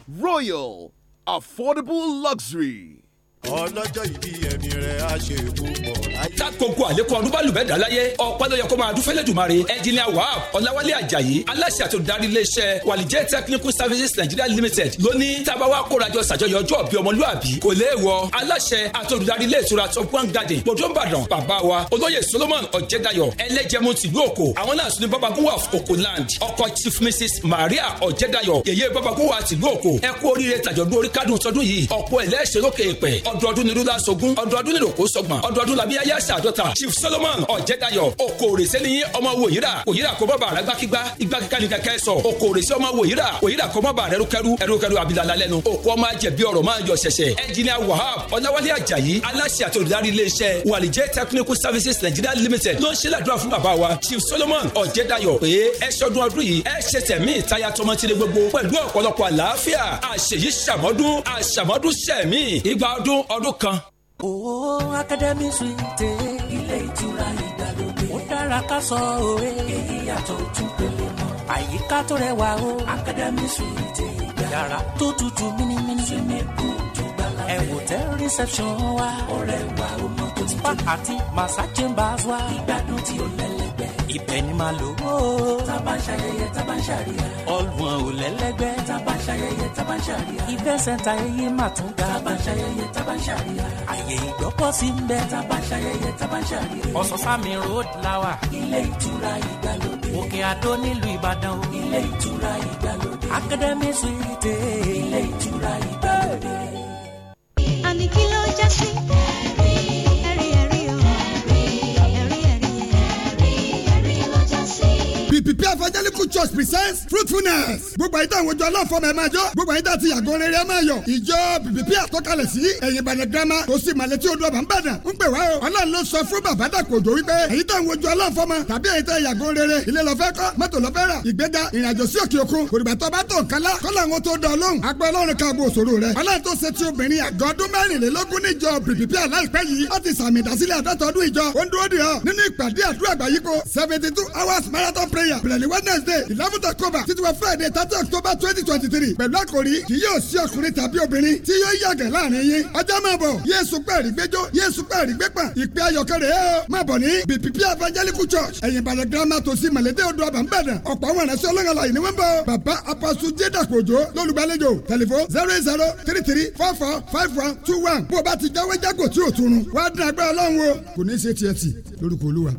Royal Affordable Luxury. ọlọ́jọ́ ìbí ẹ̀mí rẹ̀ á ṣe púpọ̀ láyé. tá gbogbo àlékún ọdún bá lùbẹ́ dàláyé ọ̀pẹ́ ló yẹ kó máa dún fẹ́lẹ́ dùmarè ẹnjìnìà wahab ọ̀làwálé ajayi aláṣẹ àti olùdarí iléeṣẹ́ wàlíjẹ́ technical services nigeria limited lóní tábà wá kórajọ ṣàjọyọ̀ ọjọ́ ọ̀bí ọmọlúàbí kò léèwọ̀ aláṣẹ àti olùdarí ilé ìtura top one garden bòdóńbàdàn bàbá wa olóyè solomon ọ̀jẹ̀dayọ̀ ẹlẹ́jẹ̀mú tìlú òkò àwọn náà sún ní babagunwa okoland ọkọ chief mrs maria ọ̀jẹ̀dayọ̀ yèyé babagunwa tìlú òkò ẹ kú oríire tàjọ̀dún orí kádùn tọdún yìí ọ̀pọ̀ ẹlẹ́ṣẹ̀ lókè èpẹ̀ ọdọọdún ni rúlà sógún ọdọọdún ni ròkó sọgbọ̀n ọdọọdún làbí ayé àṣàdọ́ta chief solomon ọ̀jẹ̀dayọ̀ okòrèsé ni ọmọ wòyíra wòyíra kọ́ bọ́bà rẹ gbákígbá igbá kíkà ní kẹkẹ sọ okòrèsé ọmọ wòyíra wòyíra kọ́ bọ́bà rẹ rúkẹrú ẹrúkẹrú abilala lẹ́nu òkú ọmọ ajẹ̀bí ọ̀rọ̀ máa yọ ṣẹ̀ṣẹ̀ ẹnjìnìà wahab ọ̀làwálé àjàyí aláṣẹ àtòlùdarí iléeṣẹ́ wàlíjẹ́ technical services nigeria limited ló ń ṣe ládùúrà fún bàbá wa chief solomon ọ̀jẹ̀dayọ̀ pé ẹ ṣọdún ọdún yìí ẹ ṣẹṣẹ mí ìtayà tọmọtìrẹ gbogbo pẹ̀lú ọ̀pọ̀lọpọ̀ àlàáfíà àṣèyí ṣàmọ́dún àṣàmọ́dún ṣẹ̀mí ìgbà ọdún fún ọdún kan. Òwò Akademi Suite. Ilé ìtura ìgbàlódé. Ó dára ká sọ òwe. Èyí yàtọ̀ ojú pele mọ́. Àyíká tó rẹwà o. Akademi Suite ìgbà. Yàrá tó tutù mímímí. Sinimu tó gbàlá. Ẹ wò tẹ reception wa. Ọ̀rẹ́ wa o mọ tó ti tó. Spa àti Massa Chambers wa. Ìgbádùn tí ó lẹ́lẹ̀ ibẹ̀ ni màá lò ó. tábà ń ṣayẹyẹ tábà ń ṣàríyá. ọlùwọ̀n ò lẹ́lẹ́gbẹ́. tábà ń ṣayẹyẹ tábà ń ṣàríyá. ìfẹ́ sẹ́ńtà ẹyẹ máa tún ga. tábà ń ṣayẹyẹ tábà ń ṣàríyá. àyè ìgbọ́kọ̀ sí ń bẹ. tábà ń ṣayẹyẹ tábà ń ṣàríyá. ọ̀sánsámi road lawa. ilé ìtura ìgbàlódé. òkè àdó nílùú ìbàdàn ilé ìtura ìgbàlódé. academy suite. ilé ìtura ìgbàlódé. prepare evangelical church presents fruitfulness. gbogbo àyíká àwọn ojú aláfọmọ ẹ máa jọ gbogbo àyíká àti àgọ́ rere ẹ máa yọ. ìjọ prepare tọ́kalẹ̀ sí ẹ̀yìn ìbàdàn girama tó sì màlẹ̀ tí odò ọ̀bà ń bàdàn. ń pè wá o ọlọ́run ló sọ fún bàbá dàkòjò wípé àyíká àwọn ojú aláfọmọ tàbí àyíká àgọ́ rere ilé lọ́fẹ́ kọ́ mọ́tò lọ́fẹ́ rà ìgbéga ìrìnàjò sí òkè òkun òrìbà tó bá tó kálá kọ́lá àwọn tó dọ̀ lóhùn agbẹ́ ọlọ́run ká gbọ́ òṣòro rẹ̀ ọlọ́run tó seventy two hours marathon prayer nàìjíríà bẹ̀rẹ̀ ní wednesday eleven october títí wọ friday thirty october twenty twenty three pẹ̀lú àkòrí kì yóò sí ọkùnrin tàbí obìnrin tí yóò yàgẹ̀ láàrin yín ọjọ́ máa bọ̀ yéésù pẹ̀rì gbẹjọ́ yéésù pẹ̀rì gbẹpà ìpè ayọ̀kẹ́rẹ́ ó máa bọ̀ ní bpp evangelical church ẹ̀yìn ìbàdàn grammar tòsí mọ̀lẹ́dẹ́ odò àbámbẹ̀dẹ̀ ọ̀pọ̀ àwọn ẹ̀rẹ́sẹ̀ ọlọ́run àlàyé ni wọ́n bọ̀ bàbá apasu jẹ́dàkọ̀jọ́ lólùgbàlejò tẹlifon zero eight zero three three four four five one two one bó o bá ti jáwé jágò tí ò túnú wàá dín agbára ọlọ́run o kò ní í ṣe tiẹ̀ tì lórúkọ olúwa.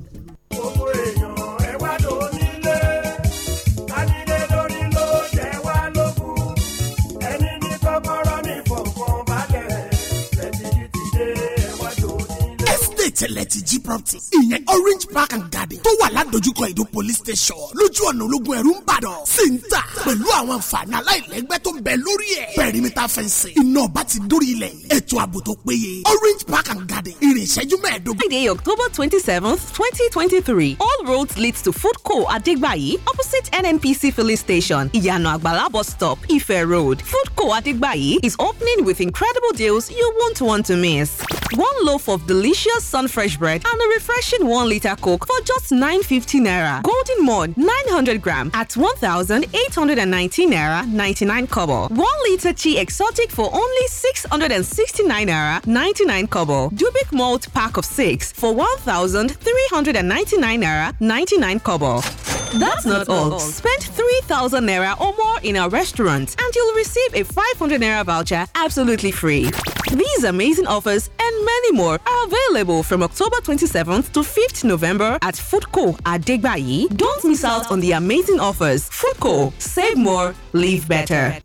tẹ̀lẹ̀ ti jí property ìyẹn orange park and garden tó wà ládojúkọ ìdó police station lójú ọ̀nà ológun ẹ̀rú ń bàdàn sí ń tà pẹ̀lú àwọn àǹfààní aláìlẹ́gbẹ́ tó ń bẹ lórí ẹ̀ pẹ̀rímítà fẹ́ǹsì iná ọba ti dórí ilẹ̀ ètò ààbò tó péye orange park and garden ìrìn ìṣẹ́jú mẹ́ẹ̀ẹ́dógún. friday october twenty seventh twenty twenty three all roads lead to food co adegbayi opposite nnpc filling station ìyànà àgbàlá bus stop ife road food co adegbayi is opening with incredible deals you won't want to miss. one loaf of delicious Sunfresh bread and a refreshing 1 litre Coke for just 9.50 naira. Golden Morn 900 gram at 1,819 naira 99 kobo. 1 litre Chi Exotic for only 669 naira 99 kobo. Dubik Malt pack of 6 for 1,399 naira 99 kobo. That's, That's not, not all. all. Spend 3,000 naira or more in our restaurant and you'll receive a 500 naira voucher absolutely free. These amazing offers and many more are available from October 27th to 5th November at Foodco Adegbayi. Don't miss out on the amazing offers. Foodco, save more, live better.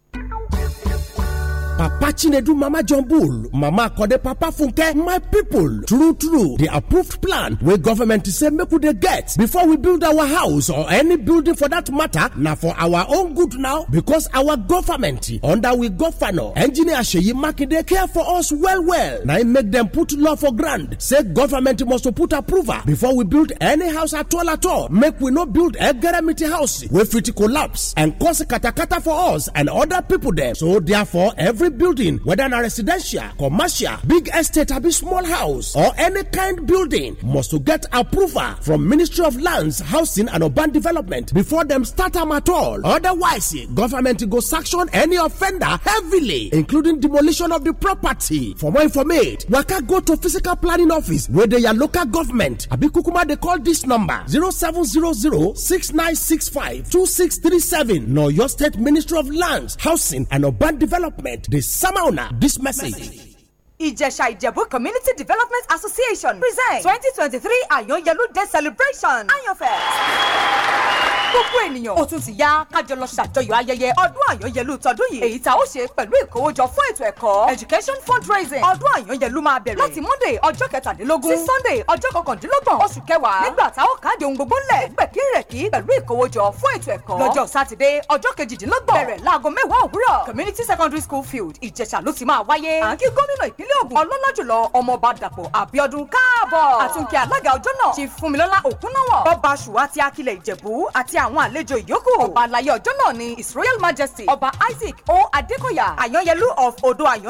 Papa Chinedu Mama jambul, Mama Kode Papa Funke, my people. True, true. The approved plan where government say make we they get before we build our house or any building for that matter Now for our own good now because our government under we governor engineer Seyi Makinde care for us well well. Now make them put law for grand say government must to put approval before we build any house at all at all. Make we not build Egeremiti house where fit collapse and cause katakata for us and other people there. So therefore every every building, whether na residential, commercial, big estate, abi small house, or any kind building, must to get approval from Ministry of Lands, Housing and Urban Development before them start am at all. Otherwise, government go sanction any offender heavily, including demolition of the property. For more information, waka go to physical planning office wey dey your local government. Abikukuma dey call this number 0700 6965 2637. your state Ministry of Lands, Housing and Urban Development the summer owner. This message Ìjẹ̀ṣà Ìjẹ̀bú Community Development Association present twenty twenty three Àyànyẹlú Day celebration Àyànfest gbogbo ènìyàn ó tún ti yá kájọ lọ ṣàjọyọ̀ ayẹyẹ ọdún àyànyẹlú tọdún yìí èyí tá ó ṣe pẹ̀lú ìkówójọ fún ètò ẹ̀kọ́ education fundraising ọdún àyànyẹlú máa bẹ̀rẹ̀ láti monday ọjọ́ kẹtàdínlógún sí sunday ọjọ́ kọkàndínlọ́gbọ̀n oṣù kẹwàá nígbà tá ó káàdì ohun gbogbo ńlẹ̀ gbẹ̀kírẹ̀kí pẹ̀lú ìkówójọ fún ètò ẹ̀kọ́ lọ́jọ́ sátidé ọjọ́ kejìdínlọ́gbọ̀n bẹ̀rẹ̀ láago mẹ́wàá òwúrọ̀ community secondary school field ìjẹ̀ṣà ló ti máa wáyé à ń kí ìpínlẹ̀ Ògùn ọlọ́lá jùlọ ọmọọba Dàpọ̀ Abíọ́dún káàbọ̀ àtúnkẹ́ alága ọjọ́ náà Chief Fúnmilọ́lá Òkúnnáwọ̀ ọba àṣùwà ti akilẹ̀ Ìjẹ̀bú àti àwọn àlejò ìyókù ọba àlàyé ọjọ́ náà ni Israel Majesty ọba Isaac O Adékọ̀yà Àyànyẹlú of Odo Àyàn